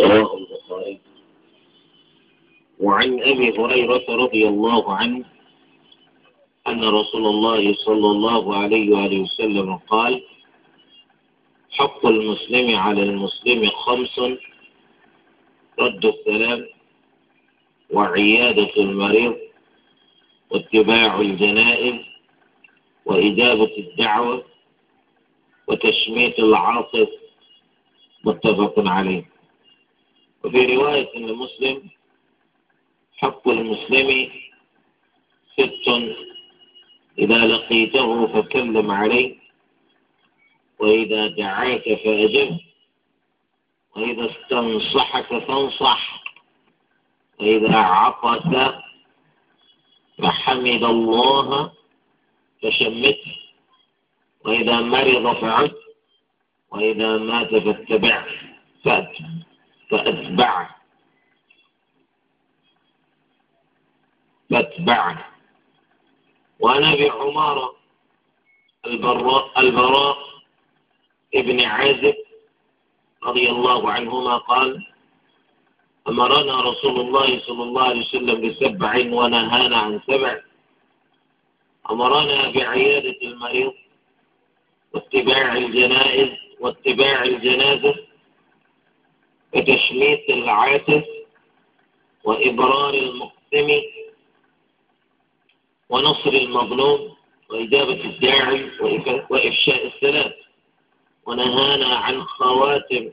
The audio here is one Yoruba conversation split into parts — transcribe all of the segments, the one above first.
رواه البخاري وعن أبي هريرة رضي الله عنه أن رسول الله صلى الله عليه وآله وسلم قال حق المسلم على المسلم خمس رد السلام وعيادة المريض واتباع الجنائز وإجابة الدعوة وتشميت العاطف متفق عليه وفي رواية لمسلم حق المسلم ست إذا لقيته فكلم عليه وإذا دعاك فأجب وإذا استنصحك فانصح وإذا عطس فحمد الله فشمته وإذا مرض فعد وإذا مات فاتبعه فأتبعه فأتبعه فأتبعه وعن أبي عمارة البراء, البراء ابن عازب رضي الله عنهما قال أمرنا رسول الله صلى الله عليه وسلم بسبع ونهانا عن سبع أمرنا بعيادة المريض واتباع الجنائز واتباع الجنازة بتشميت العاتف وإبرار المقسم ونصر المظلوم وإجابة الداعي وإفشاء السلام ونهانا عن خواتم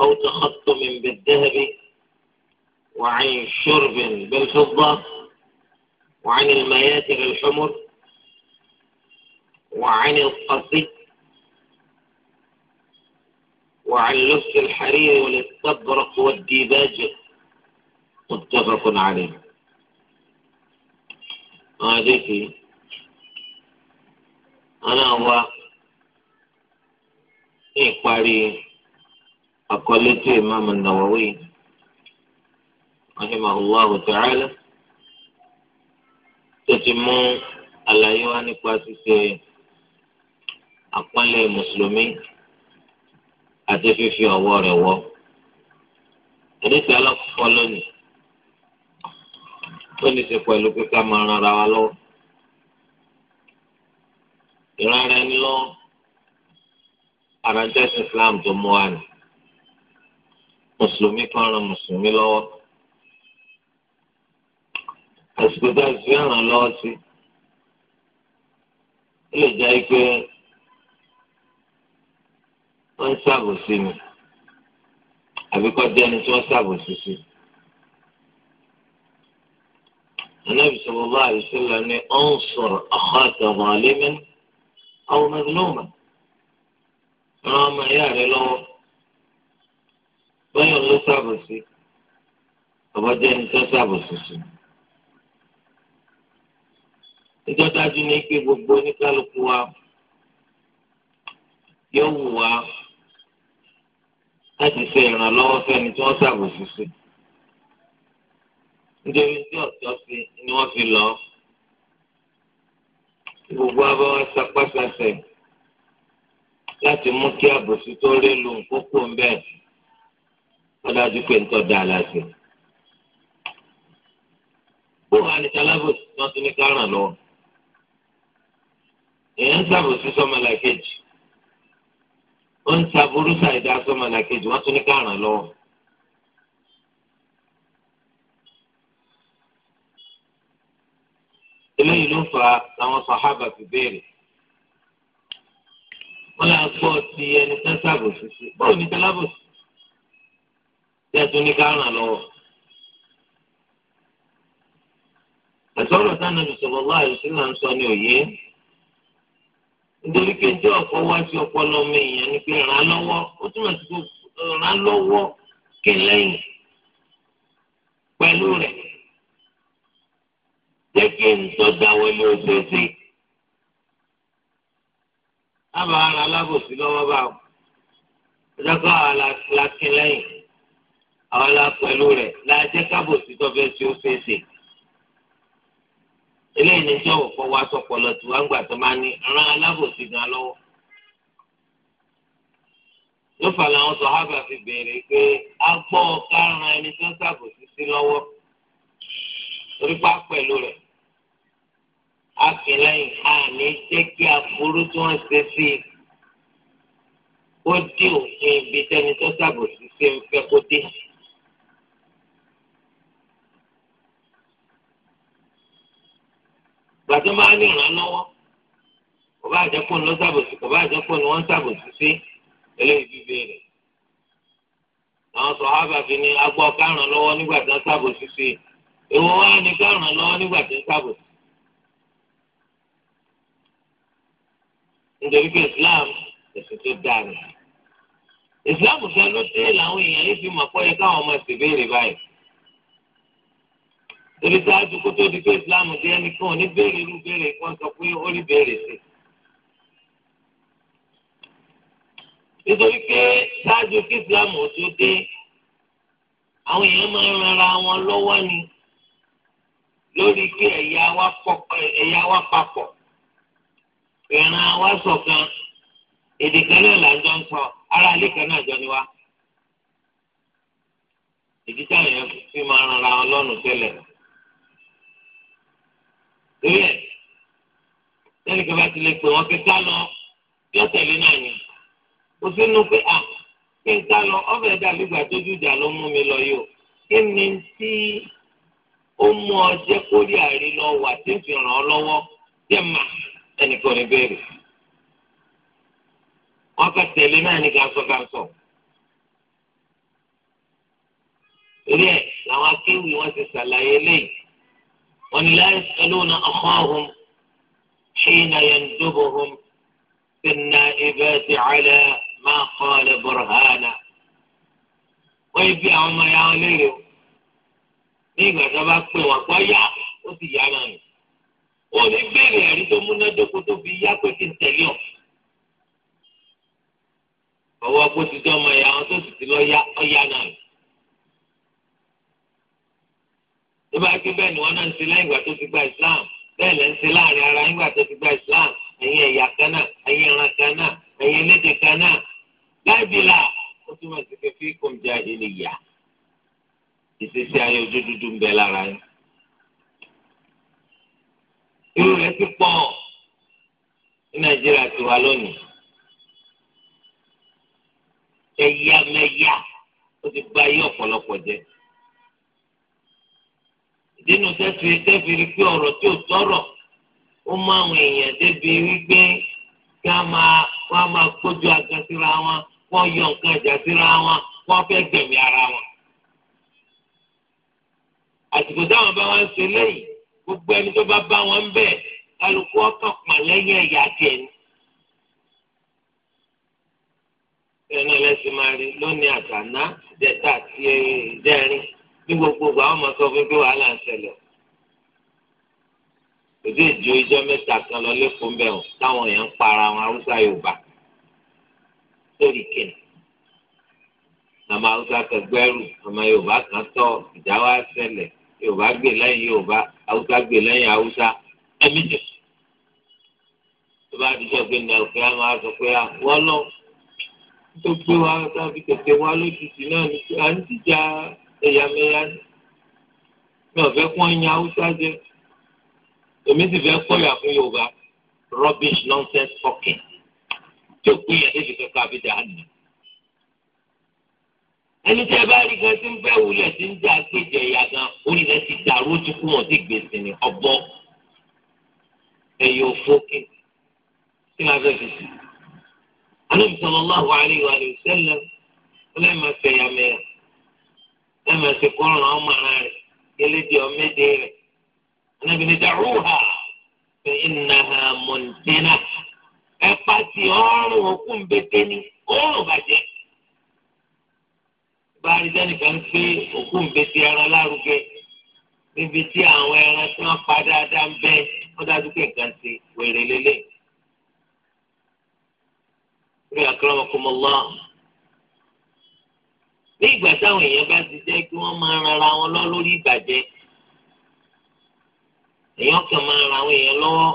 أو تخطم بالذهب وعن شرب بالفضة وعن المياتر الحمر وعن القصي وعن لبس الحرير والاستبرق والديباج متفق عليه هذه أنا هو إقبالي أقلت إمام النووي رحمه الله تعالى تتم على يواني nípa ṣíṣe المسلمين àti fífi ọwọ́ rẹ̀ wọ́. Àdéhùn alákọ̀ọ́ lónìí ó ní í ṣe pẹ̀lú pé ká máa ran wa lọ́wọ́. Ìrara ẹni lọ́wọ́ àràjẹ́sìn Islam tó mú wa ni. Mùsùlùmí kan ran Mùsùlùmí lọ́wọ́. Àsìkò tá a fi ràn lọ́wọ́ sí. Ó lè jẹ́ pé wọ́n ń ṣàbòsí mi àbí kọ́ jẹ́ ẹni tí wọ́n ṣàbòsí sí. Ànábì sallallahu alaihi wasallam ní ansur akhaka zaliman aw mazluman. Ràn ọmọ ìyá rẹ lọ́wọ́. Bọ́yọ̀ ló ṣàbòsí. Àbọ̀jẹ́ ẹni tó ṣàbòsí sí. Ìjọ́dájú ní pé gbogbo oníkálukú wa yóò wù wá láti ṣe ìrànlọ́wọ́ fẹ́ni tí wọ́n ṣàbòsí sí. nítorí tí ọ̀tọ́ sí ni wọ́n fi lọ. gbogbo abáwá sapásasẹ̀ láti mú kí àbòsí tó rí lu kókó ń bẹ́ẹ̀ wọ́n dájú pé ń tọ́ da aláṣẹ. bó wàá ní alábòsí tí wọ́n tún ní ká ràn lọ́wọ́. èèyàn ń ṣàbòsí sọ́mọlá kejì ó ń sa burúkú ìdá sọmọlàkejì wọ́n tún ní káràn lọ́wọ́. eléyìí ló fà á làwọn sàhábà fi béèrè wọ́n lọ gbọ́ ti ẹni tán sàbòsí sí báwo ni tálábòsí tẹ tún ní káràn lọ́wọ́. àtọ́rọ̀ táwọn ẹni sọ̀rọ̀ láàyè ń sọ ní òye nítorí pé njẹ́ ọ̀pọ̀ wá sí ọpọlọ mi ìyẹn ni pé ràn án lọ́wọ́ ó túmọ̀ sí pé ràn án lọ́wọ́ kí n lẹ́yìn pẹ̀lú rẹ̀ jẹ́ kí n tọ́ dáwọ́lé oṣooṣe àbá ara alábòsí lọ́wọ́ báwo ẹjọ́ kọ́ àwọn alákin lẹ́yìn àwọn alá pẹ̀lú rẹ̀ láàjẹ́ kábòsí tó fẹ́ ṣe oṣooṣe eléyìí ni tí ọ̀wọ̀ kọ́ wá sọ̀pọ̀lọ̀ tí wọ́n ń gbà tó máa ní ran alábòsí gan lọ́wọ́. ló fà láwọn sọ̀hábà fi béèrè pé a gbọ́ ọ̀ká ran ẹni tó ń ṣàbòsí sí lọ́wọ́ torí pa pẹ̀lú rẹ̀ a kì í lẹ́yìn a ní jẹ́ kí aburú tí wọ́n ṣe sí i kó dé òfin ibi tẹ́ni tó ṣàbòsí sí ń fẹ́ kó dé sí i. gbàtọ́ máa ní ìràn lọ́wọ́ kò bá àjẹpọ̀ ní wọ́n ṣàbòsí kò bá àjẹpọ̀ ní wọ́n ṣàbòsí sí eléyìí bíbí rẹ̀ àwọn sọ̀hábà fi ní agbọ́ káràn lọ́wọ́ nígbà tí wọ́n ṣàbòsí sí èwo wá ní káràn lọ́wọ́ nígbà tí wọ́n ṣàbòsí. nítorí pé Islam ẹ̀sìn tó dáa nìyẹn Islam fẹ́ ló dé làwọn èèyàn yìí fi mọ̀ pọ́ yẹ káwọn ọmọ ẹ̀sìn béèrè báyìí torí a kó tó di pé islam di ẹnìkan ní béèrè irú béèrè kan sọ pé ó rí béèrè sí. nítorí pé sáájú kí islam ò tó dé àwọn èèyàn máa ń ranra wọn lọ́wọ́ ni lórí pé ẹ̀yà wa papọ̀ ìran wa ṣọ̀kan èdè kan náà là ń jọ ń sọ ara ilé kan náà jọ ni wa. ìdí táwọn èèyàn fi máa ranra wọn lọ́rùn tẹ́lẹ̀ náà. torí ẹ̀ sẹ́ni kí a bá ti lè pè ká lọ yọ tẹ̀lé náà yẹn kò pé à kí n ká lọ tójú ìjà ló mú mi lọ yìí o kí ni tí ó mú ọ jẹ́ kórè àrí lọ wà tí ń fi ràn ọ́ lọ́wọ́ jẹ́ mà ẹnìkan ní bẹ́ẹ̀ rẹ̀ wọ́n fẹ́ tẹ̀lé náà ní kánsọ̀kánsọ̀ torí ولا يسألون أخاهم حين يندبهم في النائبات على ما قال برهانا ويبي أما يا ليو nígbà tó bá pè wọn pé yá ó sì yá náà ni ó ní béèrè ẹ̀rí tó múnádóko tó fi yá pé kí n tẹ̀lé ọ̀ ọwọ́ kó ti dán ọmọ ìyá wọn tó sì ti lọ yá ọ́ yá náà ni. tó bá gbé bẹ́ẹ̀ ni wọ́n náà ń ṣe lẹ́yìn ìgbà tó ti gba islam bẹ́ẹ̀ lẹ́ ń ṣe láàrin ara nígbà tó ti gba islam ẹ̀yin ẹ̀yà kan náà ẹ̀yin ẹran kan náà ẹ̀yin elédè kan náà láìbìlà ó túmọ̀ sí pé fíkùn já ènìyà ìṣesí ayé ojú dúdú ń bẹ lára yín. irú rẹ̀ ti pọ̀ ní nàìjíríà ti wà lónìí. ẹ̀yà mẹ́yà ó ti bà ayé ọ̀pọ̀lọpọ̀ jẹ́. nínú tẹ́tù tẹ́fì rí pé ọ̀rọ̀ tí ò tọ̀rọ̀ ó mú àwọn èèyàn débi wípé kí wọ́n máa gbójú aga síra wọn wọ́n yọ nǹkan ìjà síra wọn wọ́n fẹ́ ara wọn. àsìkò táwọn bá wọn ṣe gbogbo ẹni tó bá bá wọn bẹ̀ kálukú ọkàn pọ̀ lẹ́yìn ẹ̀yà tiẹ̀ ni. ẹnu ẹlẹ́sìn máa rí lónìí àti ní gbogbogbò àwọn ọmọ sọ fún pé wàhálà ń ṣẹlẹ̀ òde ìjọ ìjọ mẹ́ta kan lọ lẹ́kọ̀ọ́ mbẹ́ ọ̀ táwọn èèyàn ń para àwọn haúsá yorùbá lórí kìnnì àmọ́ haúsá kan gbẹ́rù àmọ́ yorùbá kan tọ́ ìjà wa ṣẹlẹ̀ yorùbá gbè lẹ́yìn yorùbá haúsá gbè lẹ́yìn haúsá ẹ̀mí jẹ̀ tó bá dijọ́ gbé ní ọ̀fẹ́ àwọn aṣọ pé wọ́n lọ tó gbé wa sáfi tètè wá lójijì náà ní ń jíjà ẹ̀yàmẹ̀yà ni mi ò fẹ́ kó ń yan haúsá jẹ èmi sì fẹ́ kọ́ fún yorùbá rubbish nonsense talking tó kú yẹn débi kankan àbí dàánù. ẹni tí ẹ bá rí gan tí ń fẹ́ wulẹ̀ tí ń jà gbèjẹ̀ ìyá gan orí rẹ̀ ti dàrú ó ti kú wọn sí gbèsè ní ọ̀bọ ẹ̀yọ̀ fókè tí wọ́n fẹ́ fi sí. alóòbí sọ̀rọ̀ lọ́wọ́ àríwá rẹ̀ sẹ́lẹ̀ ọlọ́ọ̀mọ̀ fẹ̀yàmẹ̀yà. lẹ́mọ̀ ṣe kó ràn ọmọ ara rẹ̀ kélédì ọmọdé rẹ̀ Ànábì ní dàrúhà fẹ́ ìnáhà mọ̀ntẹ́nà ẹ pàtì ọrùn òkú nbẹ́tẹ́ ni ọrùn bàjẹ́ báyìí sẹ́nìkan gbé òkú nbẹ́tẹ́ ẹran lárugẹ níbi tí ẹran tí pa dáadáa ń bẹ dájú pé ní ìgbà táwọn èèyàn bá ti jẹ́ kí wọ́n máa rara wọn lọ lórí ìbàjẹ́ èèyàn kàn máa ra àwọn èèyàn lọ́wọ́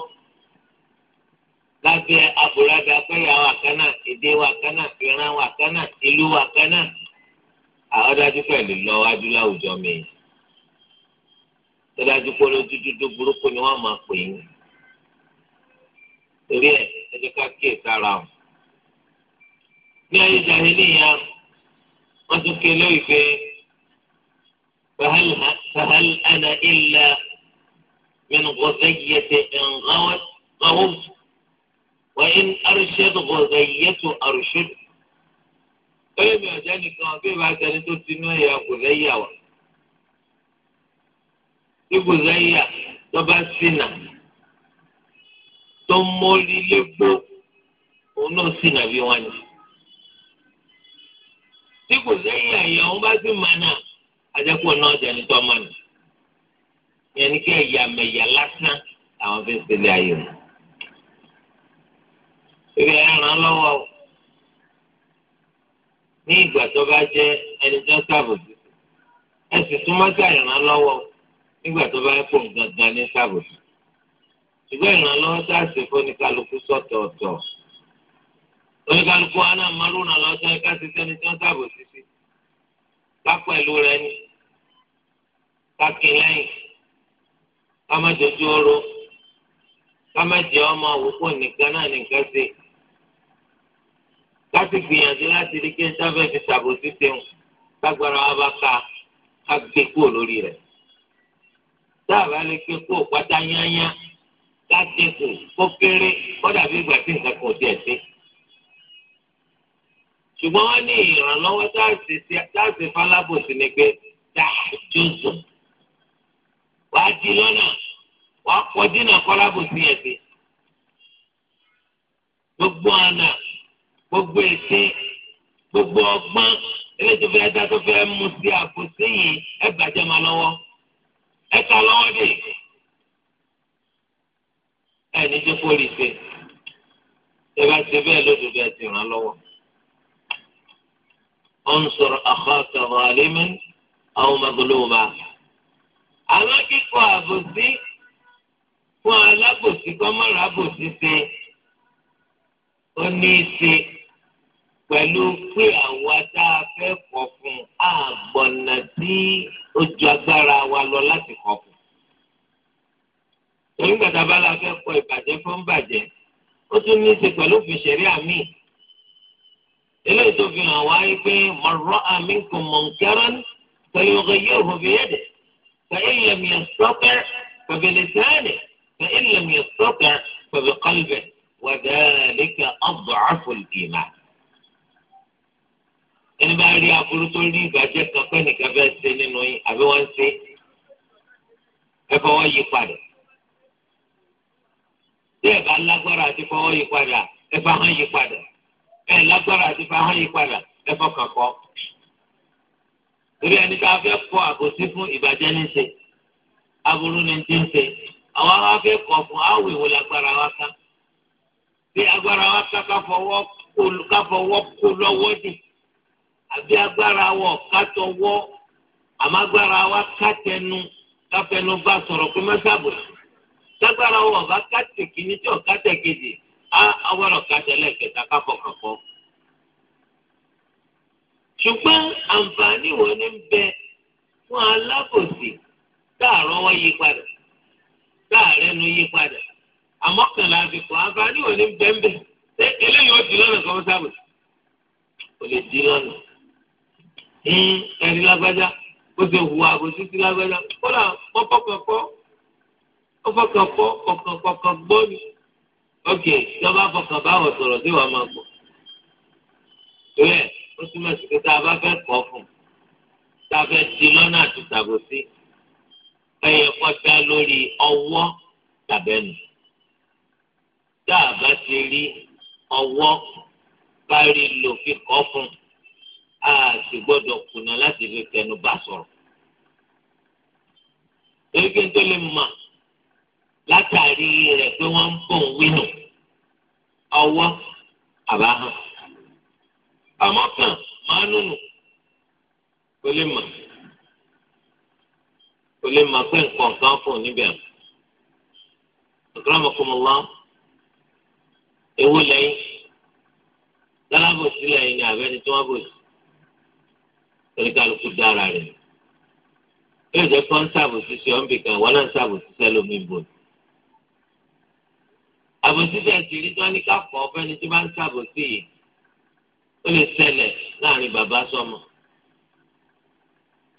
lábẹ́ àbúradà pẹ́yà wà kánà èdè wà kánà ìran wà kánà ìlú wà kánà àwọn dájú pẹ̀lú lọ́wọ́ adúláwùjọ mi tó dájú pé olójú dúdú burúkú ni wọ́n máa pè é torí ẹ̀ ẹ jẹ́ ká kíyèsára o ní ayé jàre níyà wọ́n tún ké lóyè pé fahal ana illa min ghazayyati in ghawat ghawat wa in arshad ghazayyatu arshad. Oyè mi ọ̀jẹ́ nìkan bí ìbá sẹni tó ti nú ẹ̀yà gòzẹ́yà wà. Tí gòzẹ́yà tó bá ṣìnà tó mórí òun náà ṣìnà bí wọ́n ní tí kò sẹ́yìn àyà òun bá sì mànà ajẹ́pọ̀ náà jẹ́ni tó mànà yẹn ni kí ẹ̀yà mẹ̀yà lásán làwọn fi ń sẹ́lẹ̀ ayé wọn. ìrẹ̀ ẹ̀ràn lọ́wọ́ ní ìgbà tó bá jẹ́ ẹni tó ṣàbòsí ẹ sì súnmọ́ sí àìràn lọ́wọ́ nígbà tó bá ń pò gangan ní ṣàbòsí. ṣùgbọ́n ìrànlọ́wọ́ tá a ṣe fún oníkálukú sọ̀tọ̀ọ̀tọ̀ oníkálukú wa náà máa lóun àlọ́ sọ ẹ̀ka ti sẹ́ni tó ń kápẹ̀lú rẹ ni kákì lẹ́yìn kámẹ́dójú oró kámẹ́dì ọmọ òwúkọ nìkan náà nìkan ṣe láti gbìyànjú láti rí kí sábẹ́ fi ṣàbòsí ṣeun lágbára wa bá ka ká gbé kúrò lórí rẹ̀ dáàbà lè gbé kúrò pátá yányá láti kù kó kéré kó dàbí ìgbà tí nǹkan kan tiẹ̀ sí ṣùgbọ́n wọ́n ní ìrànlọ́wọ́ táàsì falábòsí ni pé dájúzù wàá di lọ́nà wàá pọ̀ dínà kọ́lábòsí yẹn sí. gbogbo àná gbogbo ète gbogbo ọgbọ́n eléyìí fẹ́ dá tó fẹ́ mú sí àkóso yìí ẹ gbàjẹ́ máa lọ́wọ́ ẹ ta lọ́wọ́ dè ẹ ní jókòó rí i ṣe ẹ bá ṣe bẹ́ẹ̀ lódò bẹ́ẹ̀ ti ràn án lọ́wọ́ ọ̀nsọ̀r àkọ́kẹ́ ọ̀hálẹ́mẹ́ àwọn ọmọgbọ́lọ́wọ́ba. àwọn kíkọ àbòsí fún alábòsí kọ́mọ́rà àbòsí ṣe ó ní í ṣe pẹ̀lú pé àwa tá a fẹ́ kọ̀ fún àgbọ̀nà tí ó ju agbára wa lọ láti kọ̀ fún. torí gbàdábàlà fẹ́ ìbàjẹ́ fún bàjẹ́ ó tún ní í ṣe pẹ̀lú òfin àmì eléyìí tó fi hàn wá yìí pé mọ̀rọ́ àmì kò mọ̀ nkẹ́rán pẹ̀lú ọ̀gẹ̀yẹ́ òhùnbíyẹ́dẹ̀ fẹ̀yìn lẹ́mí ẹ̀sọ́kẹ́ fẹ̀bẹ̀lẹ̀ sáàdẹ̀ fẹ̀yìn lẹ́mí ẹ̀sọ́kẹ́ fẹ̀bẹ̀ kọ́lbẹ̀ wàdàlẹ́kẹ̀ ọ̀bọ̀ọ́fọ̀ ìmà. ẹni bá rí aburú tó rí ìbàjẹ́ kan pé nìkan fẹ́ ṣe nínú yín àbí wọ́n ń ṣe ẹ fọwọ́ yí padà. bí ẹ bá lágbára àti fọwọ́ yí padà ẹ bá yí padà. ẹ lágbára àti fa hàn yí padà ẹ̀kọ́ kankọ. torí ẹni tá a fẹ́ kọ àbòsí fún ìbàjẹ́ ní ṣe aburú ni ti ń ṣe àwọn fẹ́ kọ fún àwọn èèwọ̀ lágbára wa ká bí agbára wa ká kó dì àbí agbára wa ká tẹnu ká fẹnu bá pé sábò lágbára wa awọ́rọ̀ kájẹlẹ̀ kẹta kábọ̀ kankan. ṣùgbọ́n àǹfààní wo ni ń bẹ fún alábòsí táàrọ̀ wọ́n yí padà táàrẹ́ nu yí padà àmọ́ kànlá àfikún àǹfààní wo ni ń bẹ ń bẹ ṣé eléyìí ó di lọ́nà kan sábà kò lè di lọ́nà. ẹni lágbájá bó ṣe hùwà bó ṣe lágbájá kó là wọ́n fọkàn kọ́ wọ́n gbọ́ ni ok lọ́ba fọkàn báwọ̀ sọ̀rọ̀ sí wàá máa gbọ́ torí ẹ̀ ó túmọ̀ sí pé tá a bá fẹ́ kọ́ fún tá a fẹ́ di lọ́nà àti tàbòsí ẹ̀yẹ kọjá lórí ọwọ́ tàbẹ́nu tá a bá ti rí ọwọ́ bá rí lò fi kọ́ fún a sì gbọ́dọ̀ kùnà láti fi tẹnu bá sọ̀rọ̀. èyí kí n tó lè mọ̀ látàrí rẹ̀ pé wọ́n ń bọ̀ ń wínú ọwọ́ àbáhàn àmọ́ kan máa nùnù kó lè mọ̀ kó lè mọ̀ pé nǹkan kan fún níbẹ̀ ọ̀gá ọmọkùnrin ewu lẹ́yìn lálábòsí lẹ́yìn ni àbẹ́ni tí wọ́n bòsí torí kálukú dára rẹ̀ yóò jẹ́ kó ń ṣàbòsí sí ọ́nbìkan wọn náà ń ṣàbòsí sẹ́lómi bòsí àbòsí tẹ̀ sí rí tán ní ká fọ́ fẹ́ni tí bá ń ṣàbòsí yìí ó lè ṣẹlẹ̀ láàrin bàbá sọmọ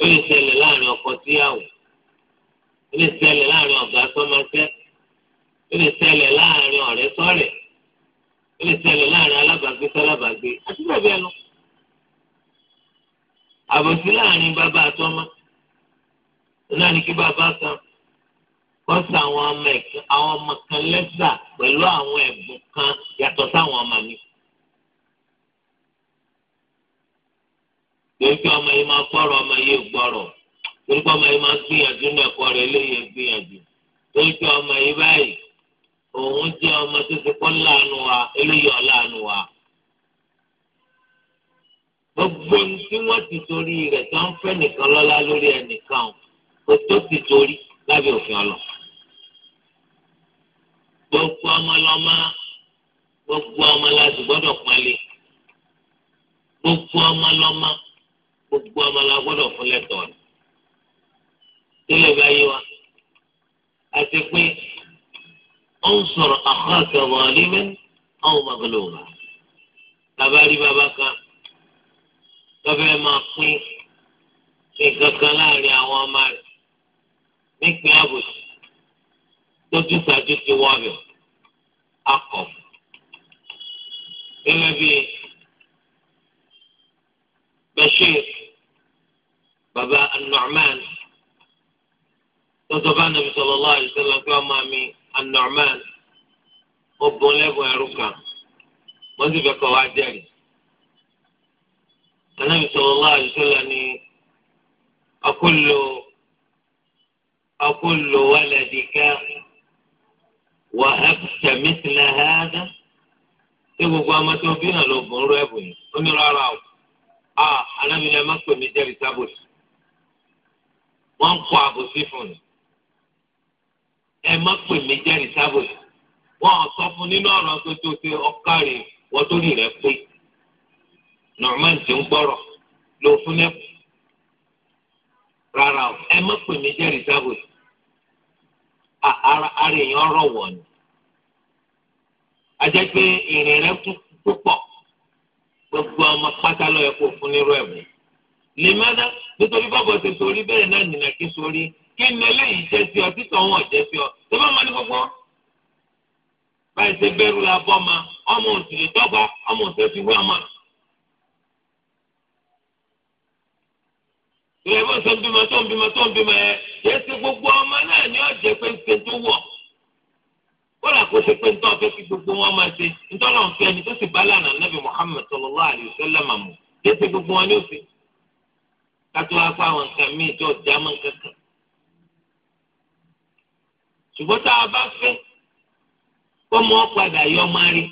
ó lè ṣẹlẹ̀ láàrin ọkọ síyàwó ó lè ṣẹlẹ̀ láàrin ọ̀gá sọmọṣẹ́ ó lè ṣẹlẹ̀ láàrin ọ̀rẹ́ sọ̀rẹ́ ó lè ṣẹlẹ̀ láàrin alábàágbé sálábàágbé àti bẹ́ẹ̀ bẹ́ẹ̀ lọ. àbòsí láàrin bàbá àtọmọ náà ni kí bàbá kan kọ́sà àwọn ọmọ ẹ̀kẹ́ àwọn ọmọ kan lẹ́sà pẹ̀lú àwọn ẹ̀bùn kan yàtọ̀ sáwọn ọmọ mi. torí pé ọmọ yìí máa gbọ́rọ̀ ọmọ yìí gbọ́rọ̀ torí pé ọmọ yìí máa gbìyànjú ní ẹ̀kọ́ eléyìí gbìyànjú torí pé ọmọ yìí báyìí òun jẹ́ ọmọ tó ti kọ́ láàánú wa eléyìí ọ̀láàánú wa. gbogbo tí wọ́n ti torí rẹ̀ tó ń fẹ́ nìkan lọ́lá lórí ẹnìkan kò ti torí lábẹ́ òfin ọlọ́run gbogbo ọmọ lọ́mọ gbogbo ọmọ láti gbọ́dọ̀ pálí gbogbo ọmọ lọ́mọ gbogbo ọmọ la gbọ́dọ̀ fún lẹ́tọ̀ọ́ rẹ̀ tó lè bá yé wa àti pé ó ń sọ̀rọ̀ àkọọ̀kẹ́ wọ̀ọ́límẹ́ àwọn ọmọkùnrin òun bàbá rí bàbá kan lọ́fẹ́ máa pín nǹkan kan láàrin àwọn ọmọ rẹ̀ nípìn àbòsí tó tún ṣáájú ti akọ gẹ́gẹ́ bí Bashir baba An-Nu'man tọ́tọ́ bá nàbí sallallahu alaihi wasallam pé ọmọ mi An-Nu'man ó bọ́ lẹ́bùn ẹrú kan wọ́n sì fẹ́ kọ́ wá jẹ́rìí anabi sallallahu alaihi wasallam ni akulu akulu waladika wà á tẹ̀mí sílẹ̀ hẹ́ẹ́dá ṣé gbogbo ọmọ tó bí náà ló bùn rú ẹ̀bùn yìí ó ní rárá o a alámìlẹ̀ má pè mí jẹ́rìí sábòsì wọ́n ń kọ àbòsí fún mi ẹ má pè mí jẹ́rìí sábòsì wọ́n á sọ fún nínú ọ̀rọ̀ pé tó ṣe ọkàrè wọ́n rẹ̀ pé norman ti ń gbọ́rọ̀ ló fún ẹ̀bùn rárá o ẹ má pè mí jẹ́rìí sábòsì ara èèyàn rọ̀wọ̀ ni ajẹ́ pé ìrìn rẹ púpọ̀ gbogbo ọmọ pátá ló yẹ kó fún nírú ẹ̀wọ̀ lè má dá nítorí bọ́bọ̀ ṣe torí bẹ́ẹ̀ náà nìyẹn kí sórí kí ni eléyìí jẹ́ sí ọ títọ̀ wọn jẹ́ sí ọ tó bá máa ní gbogbo báyìí ṣe bẹ́rù la bọ́ ma ọmọ òsì lè dọ́gba ọmọ òsì lè fi wé ọmọ ìrẹ̀ bó ṣe ń bímọ tó ń bímọ tó ń bímọ yẹn yẹn gbogbo ọmọ náà ni ọ̀jẹ̀ pé ń ṣe tó wọ kódà kó ṣe pé ntọ́ kí gbogbo wọn máa ṣe ntọ́nà ọ̀fẹ́ ni tó sì bá lànà nàbì Muhammad gbogbo wọn kátó wá àwọn nǹkan míì tó ọjà máa ń kankan. ṣùgbọ́n tá a bá fẹ́ kó mọ́ padà yọ máa rí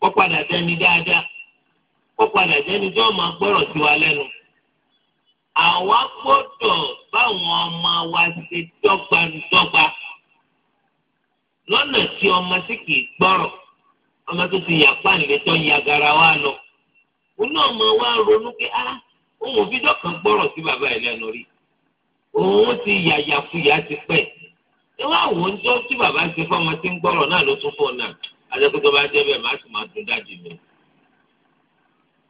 kó padà dẹni dáadáa kó padà àwa gbọ́dọ̀ báwọn ọmọ wa ṣe dọ́gbandọ́gba lọ́nà tí ọmọ sì kì í gbọ́rọ̀ ọmọ tó ti yàpá ìletọ́ ya gara wa lọ òun náà mọ wa ronú pé á ah, òun ò fi dọ́kan gbọ́rọ̀ sí bàbá ẹ̀ lẹ́nu rí òun ti yàyà fúyà ti pẹ́ ẹ wá wò ó jọ tí bàbá ṣe fọmọ tí ń gbọ́rọ̀ náà ló tún fọ́ náà adékòtò bá jẹ́ bẹ́ẹ̀ má sì máa dún dájú mi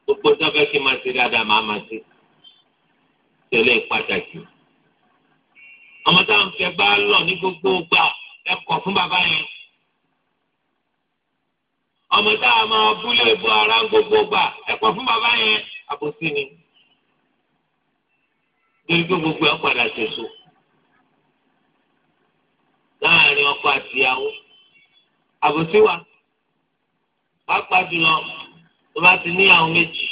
gbogbo tó fẹ́ kí n máa dáadáa máa máa ṣe tẹ̀lé pàtàkì. ọmọ táwọn fẹ́ bá lọ ní gbogbo gbà ẹ̀kọ́ fún bàbá yẹn. ọmọ táwọn máa búlé bu ara gbogbo gbà ẹ̀kọ́ fún bàbá yẹn àbòsí ni. torí pé gbogbo ẹ̀ padà ṣèṣò láàrin ọkọ àti ìyàwó àbòsí wa pàápàá jùlọ tó bá ti ní àwọn méjì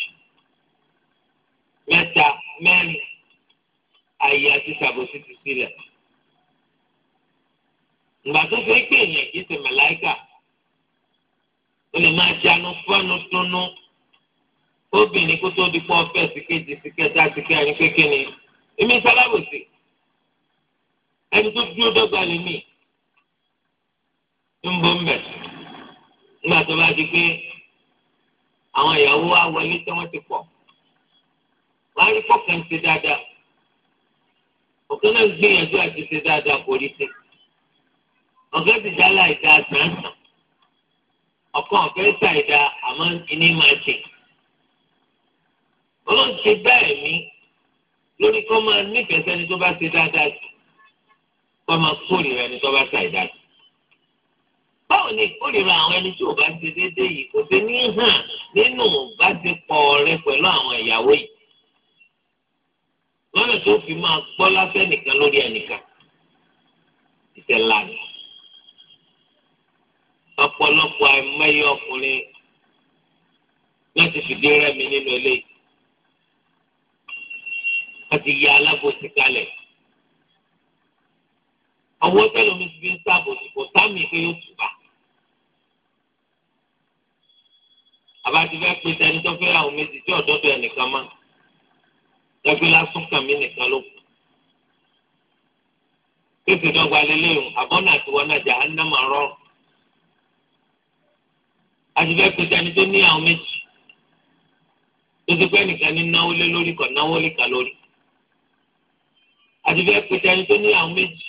mẹ́ta mẹ́rin ayé àti sàbòsí ti sílẹ̀. ìgbà tó fẹ́ pé èèyàn kì í ṣe màláìkà ó lè máa jánu fánu túnú obìnrin kó tó di pọ́ fẹ́ sí kejì sí kẹta sí kẹrin kékeré èmi sálábòsí ẹni tó dúró dọ́gba lè mí ń bọ́ mbẹ̀ nígbà tó bá di pé àwọn ìyàwó wa wọlé tí wọ́n ti pọ̀ wọ́n á rí pọ̀ kàn ṣe dáadáa ọ̀gá náà gbìyànjú àti ṣe dáadáa kò rí sí ọ̀gá ti dá láìda sàǹsàn ọ̀kan ọ̀fẹ́ ṣàìda àmọ́ iní máa ṣe olóhùn ti bá ẹ̀mí lórí kọ́ máa nífẹ̀ẹ́ sẹ́ni tó bá ṣe dáadáa sí kọ́ máa kórìíra ẹni tó bá ṣàìda sí báwo ni ìkórìíra àwọn ẹni tí ò bá ṣe déédéé yìí kò ṣe ní hàn nínú bá ṣe pọ̀ rẹ pẹ̀lú àwọn ìyàwó yìí lọ́nà tó fi máa gbọ́ láfẹ́ nìkan lórí ẹnìkan iṣẹ́ ni ọ̀pọ̀lọpọ̀ àìmọye ọkùnrin láti fìdí rẹmi nínú ilé láti ya alábòsí kalẹ̀ ọwọ́ tẹ́lẹ̀ mi ti fi ń sábòsí kò sáàmì pé yóò tù bá àbá ti fẹ́ pèsè ẹni tó fẹ́ àwọn méjì tí ọ̀dọ́dọ̀ ẹnìkan máa ẹgbẹ́ lásán kàn mí nìkan ló kù. pèsè dọ́gba lélẹ́yìn àbọ̀nà àtiwọ́n náà jà án náà máa rọrùn. àtìfẹ́ pèsè ẹni tó ní àwọn méjì tó ti pẹ́ nìkan ní náwó lé lórí kan náwó lé kan lórí. àtìfẹ́ pèsè ẹni tó ní àwọn méjì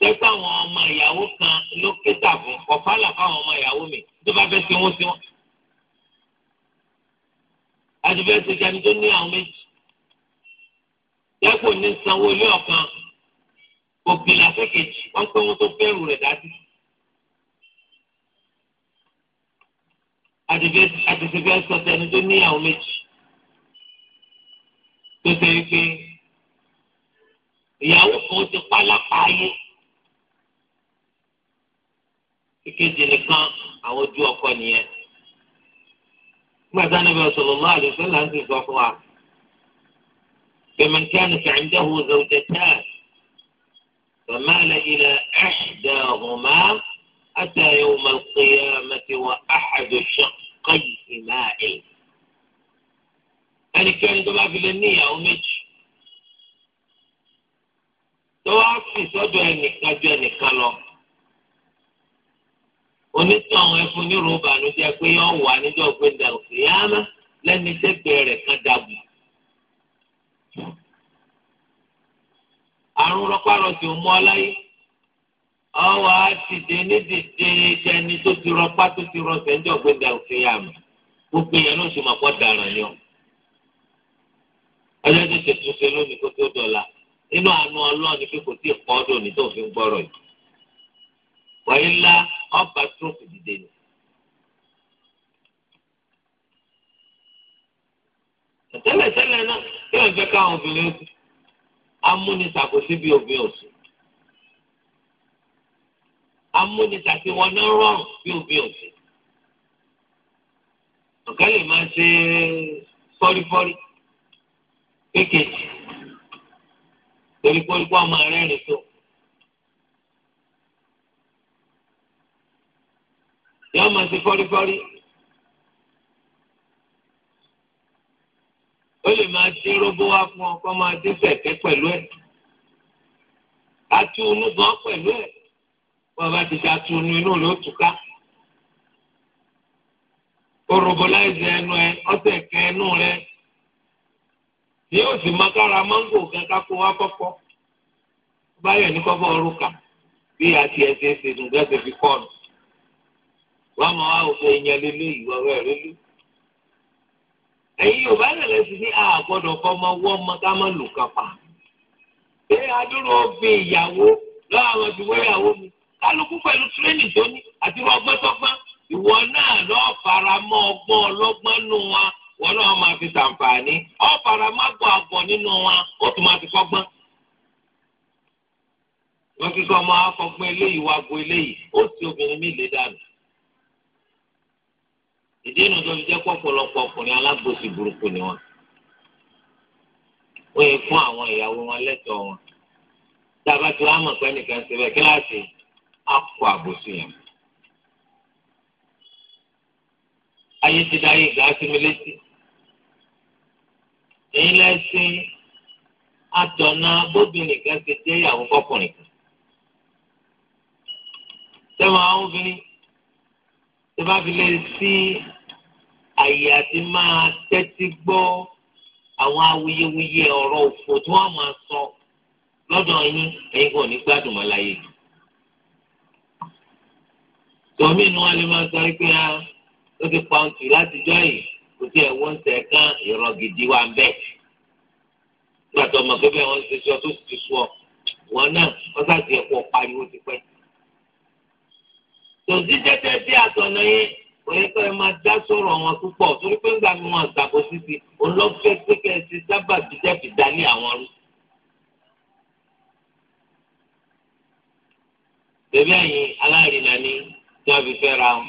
tẹ́tọ́ àwọn ọmọ ìyàwó kan ló ké tàbùn ọ̀fàlà fáwọn ọmọ ìyàwó mi tó bá fẹ́ sí wọn sí wọn. àtìfẹ́ pèsè ẹni tó ní àwọn méjì tẹ́kọ̀ ní sanwó ilé ọ̀kan òbí làfẹ́ kejì wọ́n pé wọ́n tó bẹ̀rù rẹ̀ dájú. àtìsífẹ́ sọ tẹni tó níyàwó méjì tó ṣe wípé ìyàwó kan ti pálápá ayé ìkejì nìkan àwọn ojú ọkọ nìyẹn. nígbà tí a nàbẹ̀ sallallahu alaihi wasallam ti sọ fún wa. فمن كانت عنده زوجتان فمال إلى إحداهما أتى يوم القيامة وأحد شقيه مائل ẹnì kẹrin tó bá fi lè ní ìyàwó méjì tó wá fi sọ́dọ̀ ẹnìkan ju ẹnìkan lọ onítọ̀hún ẹfun ní rúbà ló jẹ́ pé yọ wà níjọ́ gbẹdàgbé yámá lẹ́ni tẹ́gbẹ́ rẹ̀ kan dàgbù. àrùn rọpárọsì ò mú ọ láyé ọwọ á ti dé ní dèdè ẹni tó ti rọpá tó ti rọsẹ̀ ńjọ́ gbẹdà òfin yà mí gbogbo yẹn ló ṣe máa pọ̀ dàrán yọ ọjọ́ tó ṣe túnṣe lónìí kó tó dọ̀la nínú àánú ọlọ́run ni pé kò tí ì pọ́ ọdún ní tó fi ń gbọ́rọ̀ yìí wọ́n ńlá ọba stroke dìde ni. tẹ́lẹ̀tẹ́lẹ̀ náà yóò fẹ́ káwọn obìnrin kú amúnisàkó síbi òbí òsì amúnisàkó wọn náà rọrùn bí òbí òsì ọ̀gá lè máa ṣe fọ́rífọ́rí kéékèèjì torí pọ́rípọ́ ọmọ rẹ̀ rìn tó. yọ́ọ́ máa ṣe fọ́rífọ́rí. ó lè máa dín rógbó wá fún ọ kó máa dín sẹ̀kẹ́ pẹ̀lú ẹ̀ atúnú gan pẹ̀lú ẹ̀ wọ́n bá ti da túnú inú rẹ̀ ó túká oroboláìsì ẹnu ẹ ọ̀sẹ̀ kẹ ẹnu rẹ̀ yóò sì máa kára máńgò kan kákó wá kọ́kọ́ báyọ̀ ní kọ́kọ́ orúkà bí àti ẹsẹ̀ ẹsẹ̀ nùgbẹ́sẹ̀ fi kọ́ ọ̀nà wọ́n máa wá òfin ìyẹn lélẹ́yìí wọ́n rẹ̀ lélẹ́yìí ẹ̀yin yorùbá náà lẹ́sìn ní àgbọ̀dọ̀ kọ́ ọmọ wọ́ ọmọ ká má lù kàn pa. ṣé adúrò obìn ìyàwó lọ́wọ́ àwọn ìdúró ìyàwó mi kálukú pẹ̀lú tírẹ́nì tó ní àti ọgbọ́n tọ́gbọ́n ìwọ náà lọ́ọ́ fara mọ́ ọgbọ́n ọlọ́gbọ́n nù wa wọn náà máa fi ṣàǹfààní ọ fara má gbọ́ àgbọ̀ nínú wa ó tún máa fi kọ́gbọ́n. wọ́n kíkọ́ ọmọ afọgbọ́n eléyìí wá gbọ́ eléyìí ó ti obìnrin mi ìdí inú tó fi jẹ́ pọ̀pọ̀lọpọ̀ ọkùnrin alágbòsí burúkú ni wọn. ó yẹ fún àwọn ìyàwó wọn lẹ́tọ̀ọ́ wọn. dábàá tí wọ́n á mọ̀ pé nìkan ṣe bẹ́ẹ̀ kíláàsì á kó àbòsí yẹn. ayé ti dáyé ìgbà sí mi létí. èyí lẹ́sìn àtọ̀nà bóbìnrin kan ṣe jẹ́ ìyàwó fọkùnrin kan. sẹ́wọ̀n àwọn obìnrin tó fi lè sí àyè àti máa tẹ́tí gbọ́ àwọn awuyewuye ọ̀rọ̀ òfò tí wọ́n máa sọ lọ́dọ̀ yín ẹ̀yin kò ní gbádùn mọ́ láyé yìí. tòmí inú wọn lè máa sọ pé a ah, ó ti pa oṣù látijọ́ yìí kò sí ẹ̀wọ́ ń tẹ̀ kán ìrọ̀ gidi wa ń bẹ̀. nígbà tó ọmọ pépé wọn ṣe sọ tó sì ti sọ wọn náà wọn sáà ti ẹ̀kọ́ pariwo ti pẹ́. tòsí tẹ́tẹ́ sí àtọ̀nà yẹn kò yẹ kẹ́ ẹ máa dá sọ̀rọ̀ wọn púpọ̀ torí pé ńgbà ni wọn àgbàbọ̀ síbi òun lọ fẹ́ pé kẹ́ ẹ ti sábà jíjẹ́ fi dálé àwọn rú. bẹ́ẹ̀ ẹ̀yin alárinà ni tí wọ́n fi fẹ́ ra wọn.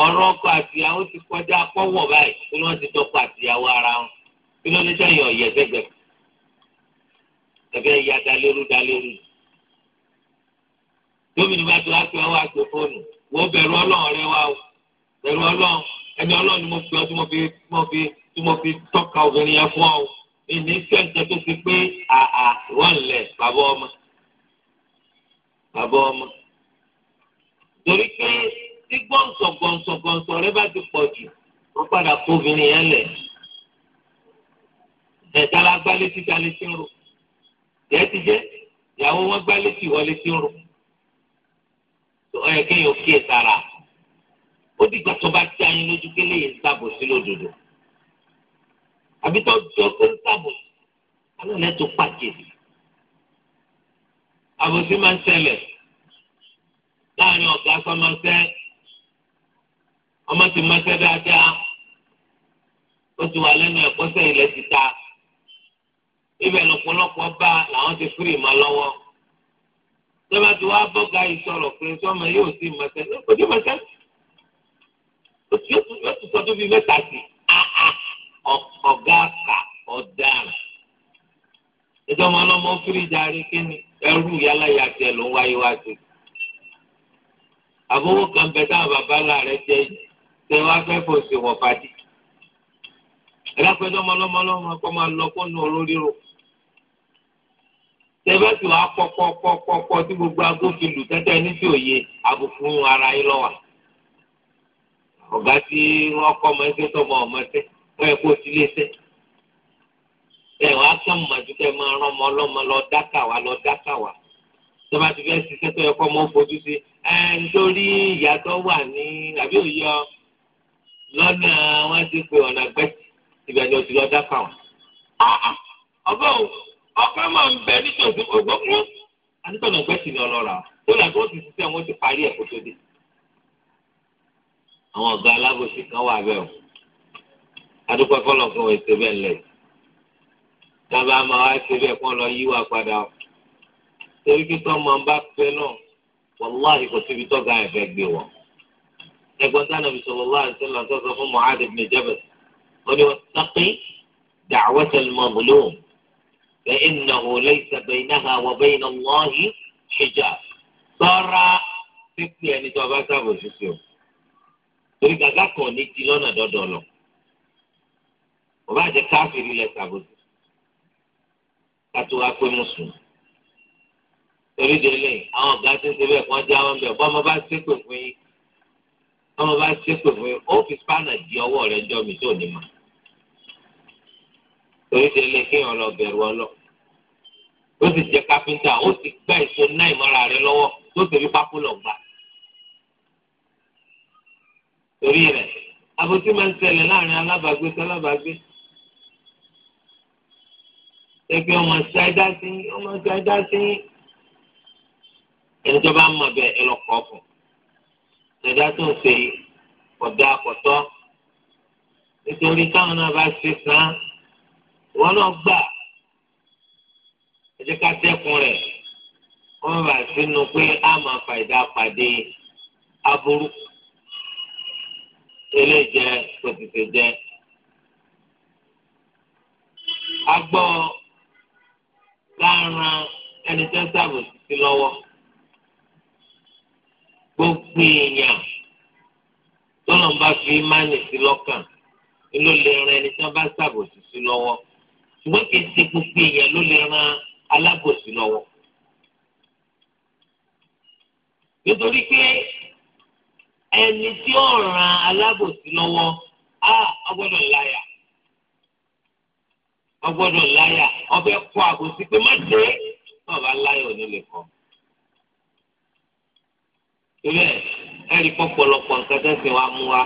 ọ̀rọ̀ ọkọ àtìyàwó ti kọjá pọ́wọ́ báyìí tí wọ́n ti dọ́kọ àtìyàwó ara wọn kí ló ní sẹ́yìn ọ̀yẹ́ sẹ́gbẹ̀ẹ́ ẹ̀fẹ́ ya dalérú dalérú. gómìnà bá ti wá pé ọwọ́ àgbẹ̀ fóònù wọ́n bẹ̀rù ọlọ́run rẹ wá o bẹ̀rù ọlọ́run ẹni ọlọ́run ni mo fi ọ tí mo fi mo fi tí mo fi tọ́ka obìnrin yẹn fún ọ o ìní fẹ́ nǹkan tó fi pé àà wọ́n lẹ̀ bàbá ọmọ bàbá ọmọ torí pé tí gbọ̀nsọ̀ gbọ̀nsọ̀ gbọ̀nsọ̀ rẹ bá ti pọ̀ jù wọ́n padà kó obìnrin yẹn lẹ̀ ẹ̀ta la gbá létí ta létí ń rò jẹ́ ti jẹ́ ìyàwó wọn gbá létí wọlé tí ń rò ọ yẹ kéèyàn kíyè sára ó dìgbà tó bá tí a yín lójú kí léyìn sábòsí lódodo àbí tó jọ pé ń sábòsí alẹ́ tó pàkíyèsí àbòsí máa ń ṣẹlẹ̀ láàrin ọ̀gá sọmọṣẹ́ ọmọ ti mọṣẹ́ dáadáa ó ti wà lẹ́nu ẹ̀kọ́ṣẹ́ ilẹ̀ ti ta ibẹ̀ lọ́pọ̀lọpọ̀ bá làwọn ti fúrì má lọ́wọ́ tọ́ba tí wàá bọ́gà yìí sọ̀rọ̀ pé sọ́mọ yóò sì mọ̀tẹ́ ojú mọ̀tẹ́ yóò tún sọ tó fi mẹ́ta sí ọ̀gá kà ọ̀daràn ẹjọ́ ọmọ ọlọ́mọ fíríjà rí kíni ẹrú yálà yà tiẹ̀ ló ń wáyé wá sí. àbówó kan bẹ táwọn bàbá ńlá rẹ jẹ tẹ wá fẹ́ fòsì wọ̀ fàdí. ẹ̀dá pẹ̀lú ọmọ ọlọ́mọ ọlọ́mọ kọ́ máa lọ kó nu olórí rò tẹ́fẹ́ tó wá pọ́pọ́pọ́pọ́ tí gbogbo aago fi lù tẹ́tẹ́ ní tí òye àbùkù ara yín lọ́wọ́ ọ̀gá tí wọ́n kọ́ ọmọ ẹgbẹ́ tọmọ ọmọ tẹ́ wọ́n yẹ kó tilé tẹ́ ẹ wàá sọmọ màdúkẹ́ máa rán ọmọ ọlọ́mọ lọ dákà wá lọ dákà wá tọ́ba ti fẹ́ ṣiṣẹ́ tó yẹ kọ́ ọmọ fojú sí ẹ nítorí ìyàtọ̀ wà ní àbí òye ọ lọ́nà wọn ti pe ọ̀nà gbẹ́sì ìbẹ̀rẹ̀ òsì lọ dákà wá ọgbọ́n ọ̀pá máa ń bẹ nítòsí ògbókùn àdìtọ̀nà gbẹ́sì ni ọlọ́ra tó là tó ti ṣiṣẹ́ wọn ti parí ẹ̀ kó tó dé. àwọn ọ̀gá alábòsí kan wà bẹ́ẹ̀ o adúgbò fọlọ́ fún wọn ṣe bẹ́ẹ̀ lẹ̀ dábàá máa wá ṣe bẹ́ẹ̀ kán lọ yí wa padà o torí kí tó máa bá pẹ́ náà wàláhì kò síbi tọ́ga ẹ̀ gbé wọn. ẹ̀gbọ́n sáà sallallahu alaihi wasallam sọ fún Mu'adh ibn Jabal ó ní wọ́n sọ́kí da'wat فإنه ليس بينها وبين الله حجاب صار fífi ẹni tó ọba sábò ṣíṣe o torí gàgà kan ní ti lọ́nà dọ́dọ̀ lọ ọba jẹ káfíìrì lẹ sábò kátó wá pé mùsùlùmí torí délé àwọn ọ̀gá tó ń ṣe bẹ́ẹ̀ kàn já wọn bẹ̀ bọ́mọ bá ṣépè fún yín bọ́mọ bá ṣépè fún yín ó fi spánà di ọwọ́ rẹ̀ jọ mi tó ní ma torí délé kéèyàn lọ bẹ̀rù ọlọ́ọ̀ ó sì jẹ́ kápẹ́ńtà ó sì gbá èso náà ìmọ̀ra rẹ̀ lọ́wọ́ tó sì rí pákó lọ gbà. torí rẹ̀ àbòtí máa ń ṣẹlẹ̀ láàrin alábàágbé sí alábàágbé. ẹgbẹ́ ọmọ ṣáídá sí ọmọ ṣáídá sí ẹni tó bá ń mọ̀ bẹ́ẹ̀ ẹ lọ kọ́ ṣáídá tó ń ṣe ọ̀dà àkọ́tọ́ nítorí táwọn náà bá ṣe sàn án ìwọ náà gbà jẹ́ ká dẹ́kun rẹ̀ wọ́n bá sínú pé a máa fàìdá pàdé aburú eléjẹ kòtìtì jẹ. a gbọ́ láàrin ẹni tó ń sábò títí lọ́wọ́ gbogbo èèyàn tọ́lọ̀ ń bá fi mánì sí lọ́kàn ló lè ran ẹni tó ń bá sábò títí lọ́wọ́ ṣùgbọ́n kì í ṣe gbogbo èèyàn ló lè ran alábòsí lọ́wọ́. nítorí pé ẹni tí ó ràn alábòsí lọ́wọ́ á ọgbọ́dọ̀ láyà ọgbọ́dọ̀ láyà ọbẹ̀ kọ àbòsí pé má ṣe é ọba láyà ò ní lè kọ́. ìbẹ̀ ẹ̀rí pọ̀pọ̀lọpọ̀ nǹkan tẹ̀sí wa mú wa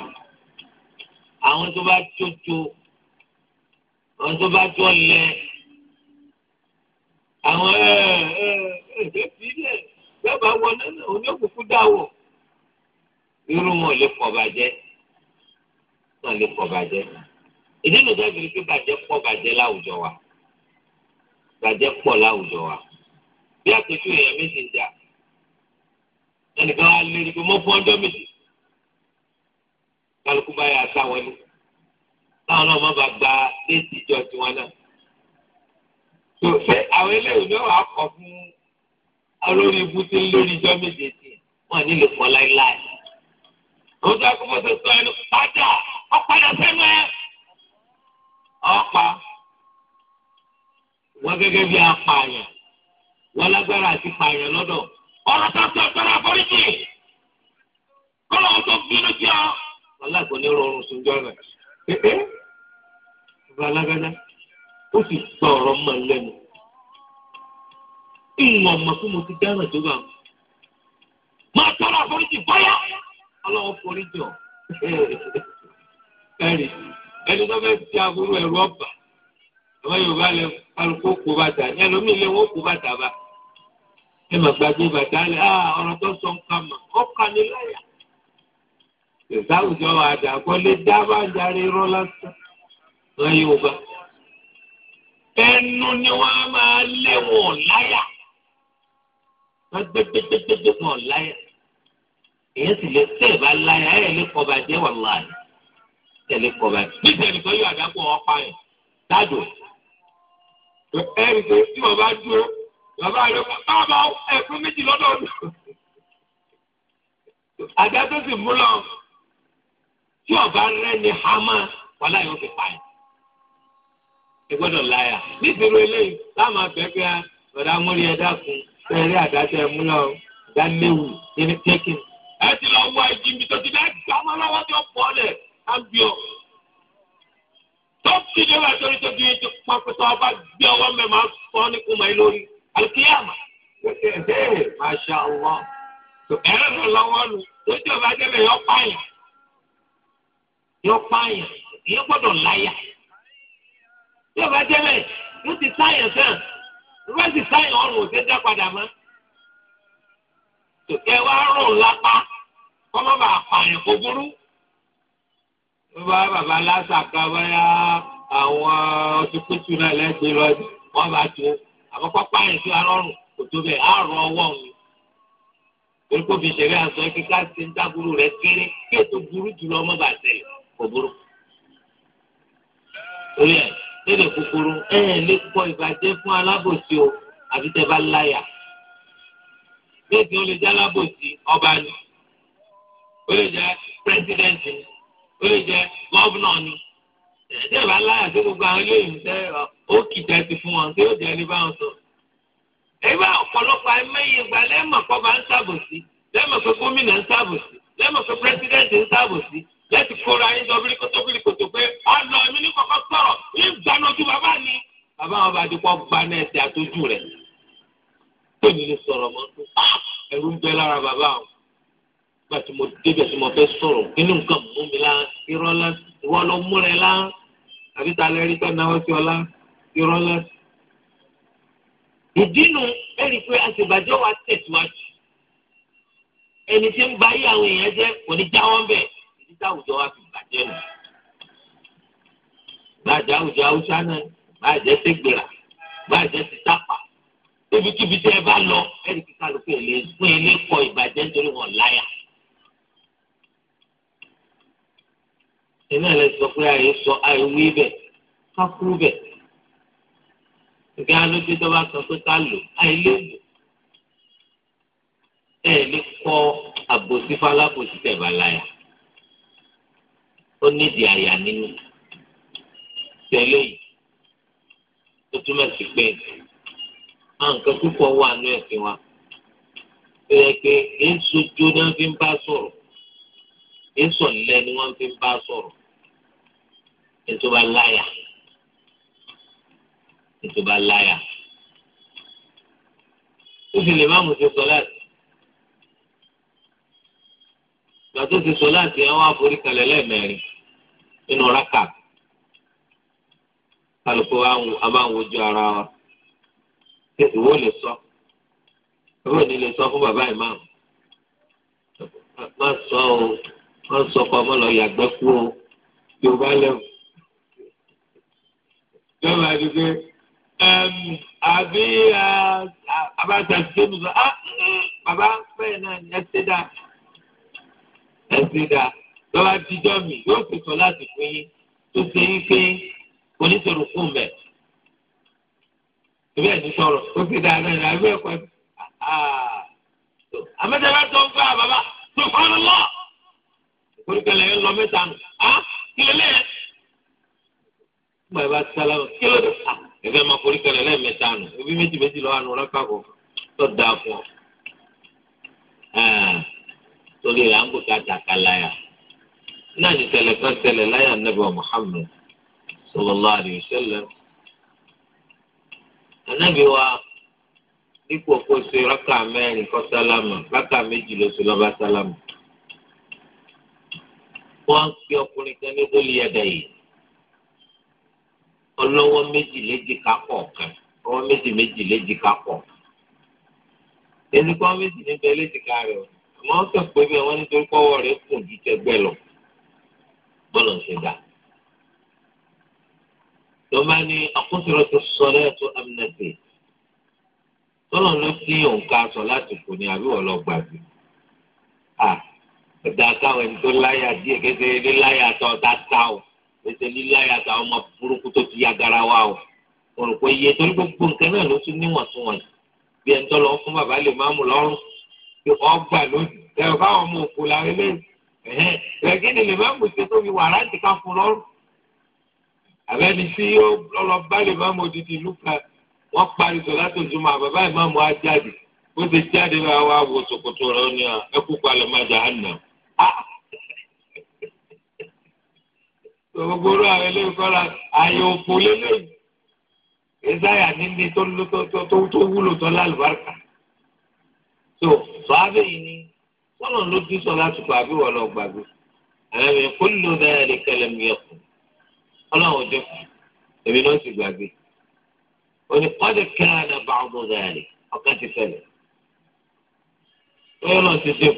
àwọn tó bá tó tó àwọn tó bá tó lẹ́ẹ̀ àwọn ẹ̀ẹ́dẹ́ sílẹ̀ bẹ́ẹ̀ bá wọn náà oníkùkù dáwọ̀ irú wọn lè pọ̀ bàjẹ́ wọn lè pọ̀ bàjẹ́ ìdí nìjọba ìrì pé bàjẹ́ pọ̀ bàjẹ́ láwùjọ wa bàjẹ́ pọ̀ láwùjọ wa bí àpèjú èèyàn méjì ń jà ẹnìkan á lé ní pé fún ọjọ́ méjì kálukú bá yà sá wọlé náà má bàa gba déètì ìjọ tiwọn náà ṣe àwọn eléyìí ló wà kọ fún olórí ibùdó lórí ìjọ méjèèjì wọn nílò pọ láéláé òun tó akókò tó sọ ẹnu padà ọpadà sẹnu ẹ ọpa wọn gẹ́gẹ́ bí apààyàn wọn lágbára àti pààyàn lọ́dọ̀ ọ̀rọ̀ tó sọ agbára àforíjì kọlọ wọn tó bínú jọ wọn lágbo ní rọrùn sùn jọ rẹ balagadá. ó sì gba ọ̀rọ̀ mọ́ lẹ́nu. ìwọ̀n mọ̀ pé mo ti dáràn tó bá mi. máa tọrọ àforíjì bọ́yá ọlọ́wọ́ foríjì ọ̀ ẹ̀rì ẹni tó fẹ́ ti aburú ẹ̀rú ọ̀bà àwọn yorùbá lẹ kálukú kó bàtà ní ẹlòmíì lẹ wọ́n kó bàtà bá ẹ mà gbàgbé bàtà lẹ ọ̀rọ̀ tó sọ nǹkan láyà ìsáwùjọ dá bá ẹnu ni wọ́n máa lé wọn láyà wọ́n gbégbégbégbé wọn láyà èyí sì lè tẹ̀ bá láyà ẹ̀ lè kọba jẹ́ wọn láàyè tẹ̀lé kọba jẹ́ bí tẹ̀lé kan yóò àdàpọ̀ wọn pa yẹn dájò ẹ̀ ẹ̀ ṣe tí wọ́n bá dúró bàbá rẹ̀ kọ́ bàbá ẹ̀fún méjì lọ́dọọdún àdá tó sì mú lọ tí ọba rẹ̀ ni hama wàláyé fi pa yẹn ẹ gbọ́dọ̀ láyà nítorí eléyìí láàmú abẹ́gbẹ́ ọ̀dà múlẹ̀ ẹ̀dá kun fẹ́ẹ́rẹ́ àdájọ́ ẹ̀ múlẹ̀ ọ̀ dáléwu nínú tẹ́kìn. ẹ ti lọ wá ìjì mi tó ti dá gbàmọ́ lọ́wọ́ tó pọ̀ lẹ̀ ábíọ̀. tó ti dé wá sórí tó fi ti pọn pẹ̀tọ́ ọba gbé ọwọ́ mẹ́ máa sọ ní kùmà yìí lórí alikiyama. ẹ̀ẹ́dẹ́ẹ̀ masha allah. ẹ̀rọ lọ lọ́wọ́ lu lójú ọba jẹ́ bẹ́ẹ̀ yọ pààyàn. yọ pààyàn ìyẹn gbọ́dọ̀ láyà tí o bá débẹ̀ yóò ti sáyẹn sàn tó bá ti sáyẹn ọrùn ò tẹ́ dá padà mọ́. tòkẹ́ wa rùn lápá kọ́mọ́ bá pààyàn kò burú. bàbá bàbá lásàkà báyà àwọn ọtúnkùtù náà lẹ́gbẹ̀ẹ́ lọ wọ́n bá tó àkọ́kọ́ pààyàn sí arọ́rùn kò tó bẹ́ẹ̀ àárọ̀ ọwọ́ mi. torí kò fi ṣeré aṣọ kíkà sí ń dágúrú rẹ̀ kéré kí ètò burú jùlọ ọmọ bàtẹ́ kò burú. torí ẹ̀ lédè kúkúrú ẹ ẹ lè kọ ìbàjẹ́ fún alábòsí o àti tẹ bá láyà léèdì ó lè jẹ́ alábòsí ọba ni ó lè jẹ́ pírẹsidẹǹtì ni ó lè jẹ́ gọvnọ ni tẹ bá láyà sí gbogbo àwọn eléyìí tẹ ó kìjà ti fún wọn tí ó jẹ ní báwọn sọ ẹgbẹ́ ọ̀pọ̀lọpọ̀ ẹmẹyìn ìgbà lẹẹmọ kọba ń ṣàbòsí lẹẹmọ pé gómìnà ń ṣàbòsí lẹẹmọ pé pírẹsidẹǹtì ń kọ́ gba náà ti àtọ́jú rẹ̀ tó ní lè sọ̀rọ̀ mọ́ tó ah, ẹ̀rù ń bẹ lára bàbá o nígbà tí mo débẹ̀ tí mo fẹ́ sọ̀rọ̀ inú nǹkan mú mi lá irọ́ lá ìwọ lọ múra ẹ lá àbí ta lẹ́rìí tó náwó sí ọ lá irọ́ lá. ìdínú ẹ̀rí pé àṣebàjẹ́ wa tẹ̀síwájú ẹni tí ń ba ayé àwọn èèyàn jẹ́ kò ní jáwọ́ ń bẹ̀ ìdí táwùjọ wa fi bàjẹ́ nù. bàjẹ́ àwùjọ haúsá náà bàjẹ́ ṣègbèrà bàjẹ́ ti tápà ibikíbi tí ẹ bá lọ ẹni kíkà ló pé èlé fún ilé kọ ìbàjẹ́ nítorí wọn láyà. iná ẹ̀ lè sọ pé àyè sọ àyè wí bẹ̀ ká kú bẹ̀ ìgbà lójú tó bá sọ pé ká lò àyè lè lò ẹ̀ lè kọ àbòsí falábòsí tẹ̀ bá láyà ó nídìí àyà nínú tẹ̀lé yìí tó túmọ̀ sí pé nǹkan púpọ̀ wà nú ẹ̀sìn wa tó yẹ pé èsojú ni wọ́n fi ń bá sọ̀rọ̀ èsọ̀lẹ́ ni wọ́n fi ń bá sọ̀rọ̀ ètò bá láyà ètò bá láyà ó sì lè má mú ṣe sọ láti gbàtó ti sọ láti àwọn àforíkalẹ̀ lẹ́ẹ̀mẹ́rin nínú rákàtà kálukú abáwojú ara wa ṣé ìwọ lè sọ ìwọ ni lè sọ fún bàbá ìmáàmù má sọ o má sọ kọ ọmọ lọ yàgbẹ́ kú o yorùbá lẹ́wọ̀ yọ̀wọ̀ àdìgbé àbí abáta ṣe mú sọ bàbá bẹ́ẹ̀ náà ẹ ṣe dá ẹ ṣe dá lọ́wọ́ àtijọ́ mi yóò ṣètò láti pín in tó ṣe é pé oníṣòro kù mbẹ ìbẹ́ ẹni sọ̀rọ̀ ó sì dáa náà ìrìn àbẹ́ ẹ̀kọ́ àmẹ́tẹ́fẹ́ tó ń fẹ́ àbàbà tó fọ́nrán lọ. ìkórìkẹlẹ̀ ń lọ mẹ́ta nù á kí lè lẹ́yìn. nígbà yìí bá ti sálámù kí ló dé à ẹ̀fẹ́ máa kórìkẹlẹ̀ lẹ́ẹ̀mẹ́ta nù ebi méjì méjì lọ́wọ́ àánú rẹ́ pàkó tó dáa fún ọ. torí à ń bò ká dàkà láyà náà ní ṣẹlẹ̀ kan ṣẹlẹ̀ láyà nàbẹ̀ Muhammad sallallahu alaihi wasallam ànábì wa dípò kó ṣe rákà mẹ́rin kó sálámà rákà méjì ló ṣe lọ́ba sálámà wọ́n á pe ọkùnrin kan ní lórí ẹ̀dá yìí ọlọ́wọ́ méjì léjìká kọ̀ọ̀kan ọwọ́ méjì méjì léjìká kọ̀ọ̀kan ẹni kọ́ méjì níbẹ̀ léjìká rẹ̀ o àmọ́ ó pé bí wọ́n nítorí pọ́wọ́ rẹ̀ kùn ju tẹgbẹ́ lọ bọ́lọ̀ ṣe dáa lọ́ba ní akóṣòro tó sọ lẹ́ẹ̀tọ́ amnesty tọ́lọ̀ ló sí òǹkà sọ láti kù ní àbí wọ́n lọ gbàgbé à ẹ̀dá káwọn ẹni tó láyà díẹ̀ kéde líláyà tó ọ̀tá tá o kéde líláyà tó ọmọ burúkú tó ti yagara wa o mo rò pé iye torí gbogbo nǹkan náà ló tún níwọ̀ntúnwọ̀nsì bí ẹni tó lọ fún bàbá lè má mú lọ́rùn pé ọgbà lónìí ẹ̀rọ báwọn ọmọ òkú làwọn àbẹ́ni tí yóò lọ bá lè má mo didi ìlú kan wọ́n parí sọ láti ojúmọ́ àbàbá ìmáàmù á jáde bó ti jáde wá wá wo ṣòkòtò rẹ̀ ni ẹ kú palẹ̀ má jà á nà. gbogbo orí àwọn eléyìí kọ́ra àyè òfò lélẹ́yìn ìsáyà níbi tó wúlò tó lálùbáríkà. tó sọ abẹ́yìn ni wọ́n lọ lójú sọ láti kọ àbí lọ gbàgbé. ẹ̀rẹ̀ kó ló dáa ẹ̀rí kẹlẹ́mìí ẹ̀kọ́ ọlọ́run ò jẹ́ fún èmi náà sì gbàgbé òní kọ́dé káàdà bá ọmọ rẹ̀ ọ̀kan ti fẹ̀lẹ̀ bóyá náà ti dé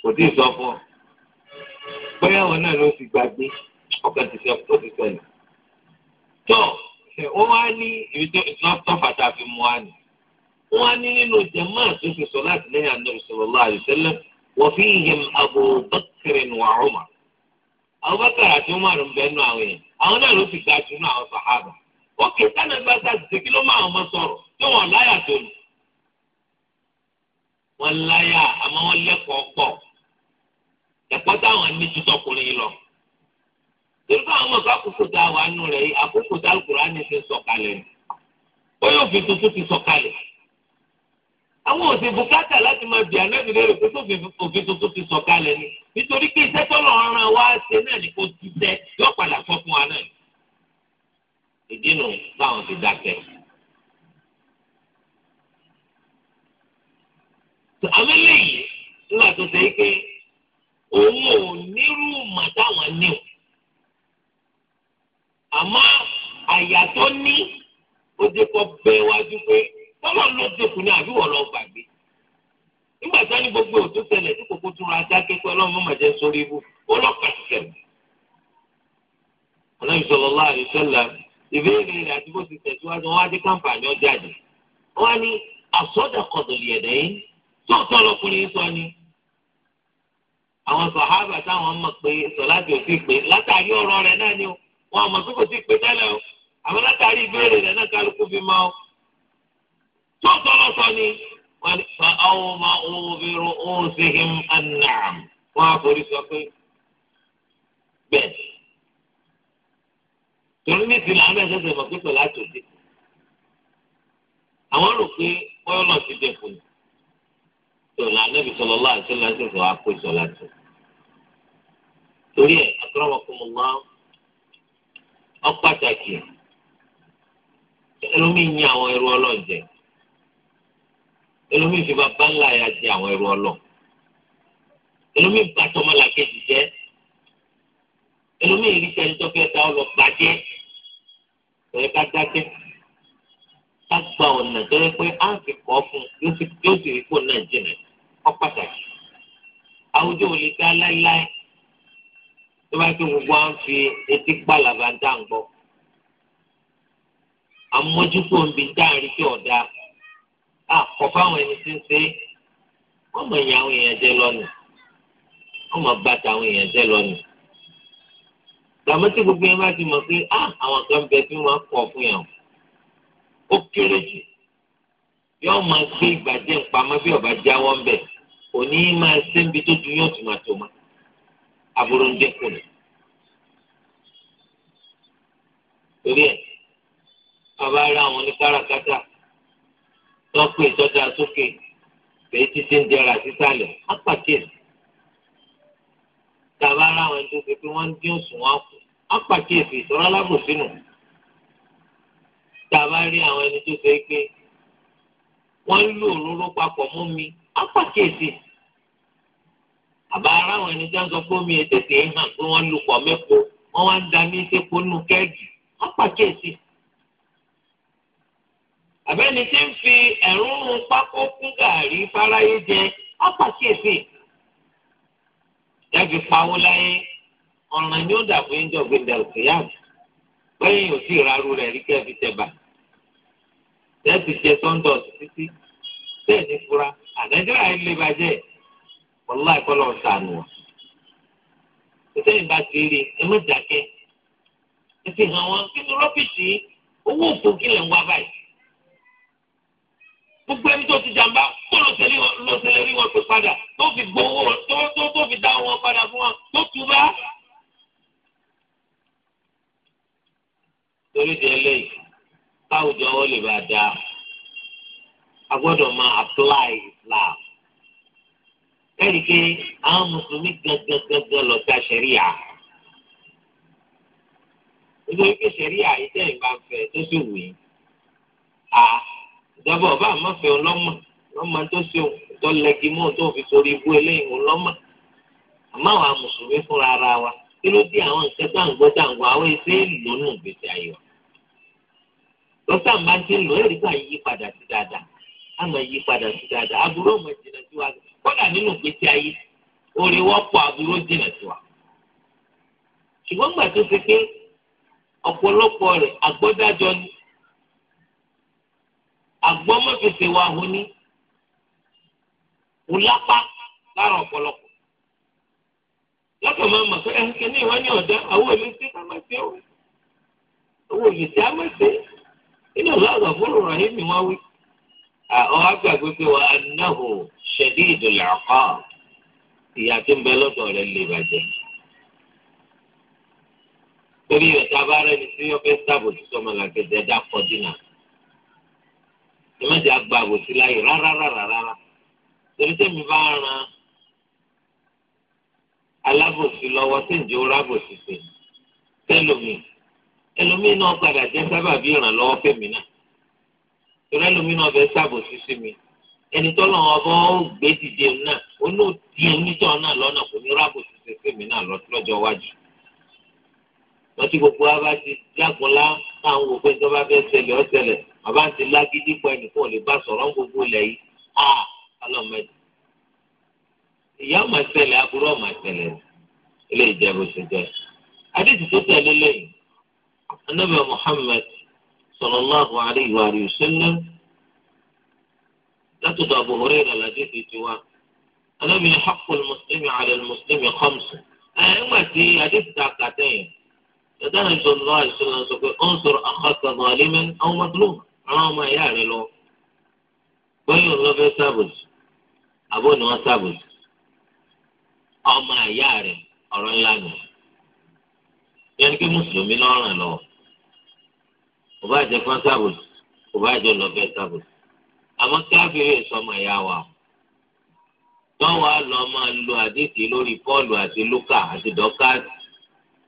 kò tí ì sọ fún ọ bóyá àwọn náà ló ti gbàgbé ọ̀kan ti fẹ̀lẹ̀ tó ó wá ní ibi tó tọ́fàtà fi mú wa nì wọ́n á ní nínú jẹ̀mọ́ àtúnṣe sọ láti lẹ́yìn àdúrà sallallahu alaihi wasallam wa fihim Abu Bakr wa Umar àwọn bàtà àti umar ń bẹ nù àwọn yẹn àwọn náà ló sì ga jù nù àwọn sàhábà wọn kì í sànà gbàgbà ṣe kí ló máa wọn máa sọ̀rọ̀ tí wọn láyà tó lù wọn láyà àmọ́ wọn lẹ́kọ̀ọ́ pọ̀ ẹ̀kọ́ táwọn ní ju tọkùnrin lọ torí báwọn ọmọ àkókò tá a wà nù rẹ àkókò tá Al-Kùránì ti sọ̀kalẹ̀ ó yóò fi tuntun ti sọ̀kalẹ̀ àwọn òsì bùkátà láti máa bì ànábìrẹ rẹ pé òfin tuntun ti sọ̀kalẹ̀ ni nítorí pé iṣẹ́ tó lọ́ọ́ ran wá ṣe náà ní kó ti tẹ yóò padà sọ fún wa náà ìdí nù báwọn ti dákẹ́. àwọn eléyìí nígbà tó ṣe é pé òun ò nírú mà ní o àmọ́ àyà tó ní ó dé kọ́ bẹ́ẹ̀ wájú pé tọ́lọ́ ló dẹkùn ní àbí wọ́n lọ gbàgbé nígbà tí wọn ní gbogbo òtó ṣẹlẹ̀ tí kòkó tún ra ajá kékeré ọlọ́run mọ̀mọ́ jẹ́ sórí ibú ọlọ́pàá ti ṣẹlẹ̀. ọlọ́run sọ̀rọ̀ láàrin sẹ́lá ìbéèrè rẹ̀ àti bó ti tẹ̀síwájú wọn wá dé kámpàní ọjà jù wọn ní àsọdà kọ̀dọ̀lì ẹ̀dẹ̀ yìí tó tọ́ lọkùnrin sọ ni. àwọn sàhábà táwọn mọ̀ pé sọ̀láàtì ò sí pé látàrí ọ̀rọ̀ rẹ̀ náà ni wọn mọ̀ tó kò sí pé tẹ́lẹ̀ o àwọn látàrí ìbéèrè rẹ̀ náà kálukú fi mọ́ tó tọ́ lọ ni فأوضع برؤوسهم النعم وأقول سقي بس tòlóní ti làwọn ẹgbẹ́ ṣẹ̀ṣẹ̀ mọ̀ pé pẹ̀lú àtòdì àwọn rò pé wọ́n lọ sí dẹ̀kun ni tó làwọn ẹbí sọlọ lọ́wọ́ àti sọlọ àti àpò ìsọlá tó torí ẹ̀ akọ́rọ́mọkùnmọ́ ọ pàtàkì ẹlòmíì ń yan àwọn ẹrú ọlọ́ọ̀jẹ̀ ẹlòmíì fi bàbá ńlá ya jẹ àwọn ẹrú ọlọ ẹlòmíì bá tọmọlà kejì jẹ ẹlòmíì rí sẹni tó fẹ́ dá ọ lọ gbàjẹ ẹ ká dákẹ́ ká gba ọ̀nà tó yẹ pé á fi kọ́ fún yóò sì rí kó náà jìnà ọ pàtàkì àwùjọ ò lè dá láéláé tó bá tó gbogbo à fi etí pàlàbà dá ń gbọ́ ń bi dáàrí tí ọ̀dà àkọ́ fáwọn ẹni tí ń ṣe é wọ́n mọ̀ ìyá àwọn èèyàn jẹ́ lọ́nà wọ́n mọ̀ bàtà àwọn èèyàn jẹ́ lọ́nà gbàmọ́ tí gbogbo yẹn bá ti mọ̀ pé á ah, àwọn kan bẹ tí wọ́n kọ̀ fún yàn ó kéré jù yóò máa gbé ìgbàjẹ́ ìpamọ́ bí ọba jáwọ́ ń bẹ̀ òní máa ṣe ń bi tó ju yóò tún máa tó ma aburú ń dẹ́kun ni. torí ẹ̀ bàbá rẹ àwọn oníkáràkátà tó ń pè sọ́jà sókè èyí títí ń dẹrà sísàlẹ̀ á pàkíyèsí. tàbá láwọn ẹni tó ṣe pé wọ́n ń dín òsùn wọn kù á pàkíyèsí ìṣọ́ra lábòsínú. tàbá rí àwọn ẹni tó ṣe pé wọ́n ń lò òróró papọ̀ mú mi á pàkíyèsí. àbá aráwọn ẹni tó ń sọ pé omi ètètè hàn pé wọ́n lù pọ̀ mẹ́po wọ́n wá ń da ní sẹ́pọ̀ nù kẹ́ẹ̀gì á àbẹ́ni tí ń fi ẹ̀rúnrún pákó kún gàrí fáráyé jẹ ọ́pàkíyèsí jáde pawó láyé ọ̀ràn ni ó dàbò ń jọ gbẹdẹ òkè yàtọ̀ bẹ́ẹ̀ yóò sì rárú rẹ̀ rí kẹ́ fi tẹ̀bà tẹ́ ti jẹ sọ́ńdọ̀ títí bẹ́ẹ̀ ni fura àdájọ́ra yìí lè bàjẹ́ ọ̀lá ìkọlọ̀ sànù ọ̀ sẹ́yìn bá ti rí ẹ mọ̀ dákẹ́ ẹ fi hàn wọn kí ni rọ́bìṣì owó òfò kí lè ń wá báyìí gbogbo ẹni tó ti jàmbá kó ló ṣe lórí wọn pè padà tó fi gbowó tó tó fi dá wọn padà fún wọn tó tu bá. torí di eléyìí káwùjọ wọn lè bá dáa a gbọ́dọ̀ máa apply Islam ẹnì pé àwọn mùsùlùmí gangan gangan lọ ta ṣẹríà nítorí pé ṣẹríà yìí tẹ̀ ń bá ń fẹ́ tó sì wù í ìjọba ọba àmọ́fẹ́ ọlọ́mọ lọ́mọ tó ṣe òun tó lẹ́gi mọ́ tó fi sórí ibú eléyìí òun lọ́mọ àmọ́ àwọn mùsùlùmí fúnra ara wa kí ló dé àwọn nǹkan tá à ń gbọ́ tá à ń gbọ́ àwọn ẹsẹ̀ ìlú nù gbèsè ayé wa lọ́sà máa ti lò èrè ká yí padà sí dáadáa á máa yí padà sí dáadáa aburú ọmọ ìjìnà sí wa kódà nínú gbèsè ayé orí wọ́pọ̀ aburú jìnà sí wa ṣùgbọ́n gbà tó ṣe pé ọ̀pọ̀lọpọ̀ rẹ̀ àgbọ́dájọ ni agbọ́mọ̀fẹsẹ̀ wa hó ní wùlápá lára ọ̀pọ̀lọpọ̀ lọ́kàn máa mọ̀ pé ẹnikẹ́ ní ìwá ní ọ̀dá àwọn èmi sí kámẹ́sì ó àwọn èmi sí kámẹ́sì inú ọ̀la àgbàfóró rahim wá wí. àwọn agbàgbé pé wa annahu shadidul iqab ìyá tó ń bẹ lọ́dọ̀ rẹ̀ lè bàjẹ́ torí rẹ̀ tá a bá rẹ́ni tí yọ fẹ́ sábòjútó ọmọlàkejì ẹ̀dá kọ́ ìmọ̀jẹ̀ àgbà àbòsí láàyè rárá rárá rárá torí tẹ̀mí bá ran alábòsí lọ́wọ́ tẹ̀jẹ̀ ó rábòsí sí tẹ́lómi ẹlòmí náà padà jẹ́ sábàbí ìrànlọ́wọ́ fẹ̀mí náà torí ẹlòmí náà fẹ́ sábòsí sí mi ẹni tọ́lọ̀ ọbọ̀ ó gbé dìde náà ó ní òtí onítọ̀ náà lọ́nà kò ní rábòsí sí fẹ̀mí náà lọ́jọ́ iwájú lọ́tí gbogbo wa ti jágunlá táwọn òpin tó bá fẹ́ ṣẹlẹ̀ ó bàbá ń ti lágídí pọ ẹnìkan ò lè bá sọ̀rọ̀ gbogbo ilẹ̀ yìí á ọlọ́mọdé ìyá ọmọ ìṣẹ̀lẹ̀ aburú ọmọ ìṣẹ̀lẹ̀ ilé ìjẹbù ṣe jẹ adéjì tó tẹ̀lé lẹ́yìn anábẹ Muhammad sallallahu alaihi wa alihi wasallam látọ̀dọ̀ Abu Hurairah làdé fi ti wá anábẹ haqqul muslimi ala al-muslimi khamsun الله عليه وسلم يقول انصر اخاك ظالما او مظلوما àwọn ọmọ ìyá rẹ lọ bóyá òun lọ fẹ́ sábòsì àbó ni wọ́n sábòsì ọmọ ìyá rẹ ọ̀rọ̀ ńlá nù yẹn kí mùsùlùmí náà ràn lọ kò bá jẹ fún sábòsì kò jẹ lọ sábòsì àmọ́ káfíńsì sọmọ ìyá wa tọ́wọ́ á máa lo àdìsí lórí Pọ́ọ̀lù àti Lúkà àti Dọ́kàsì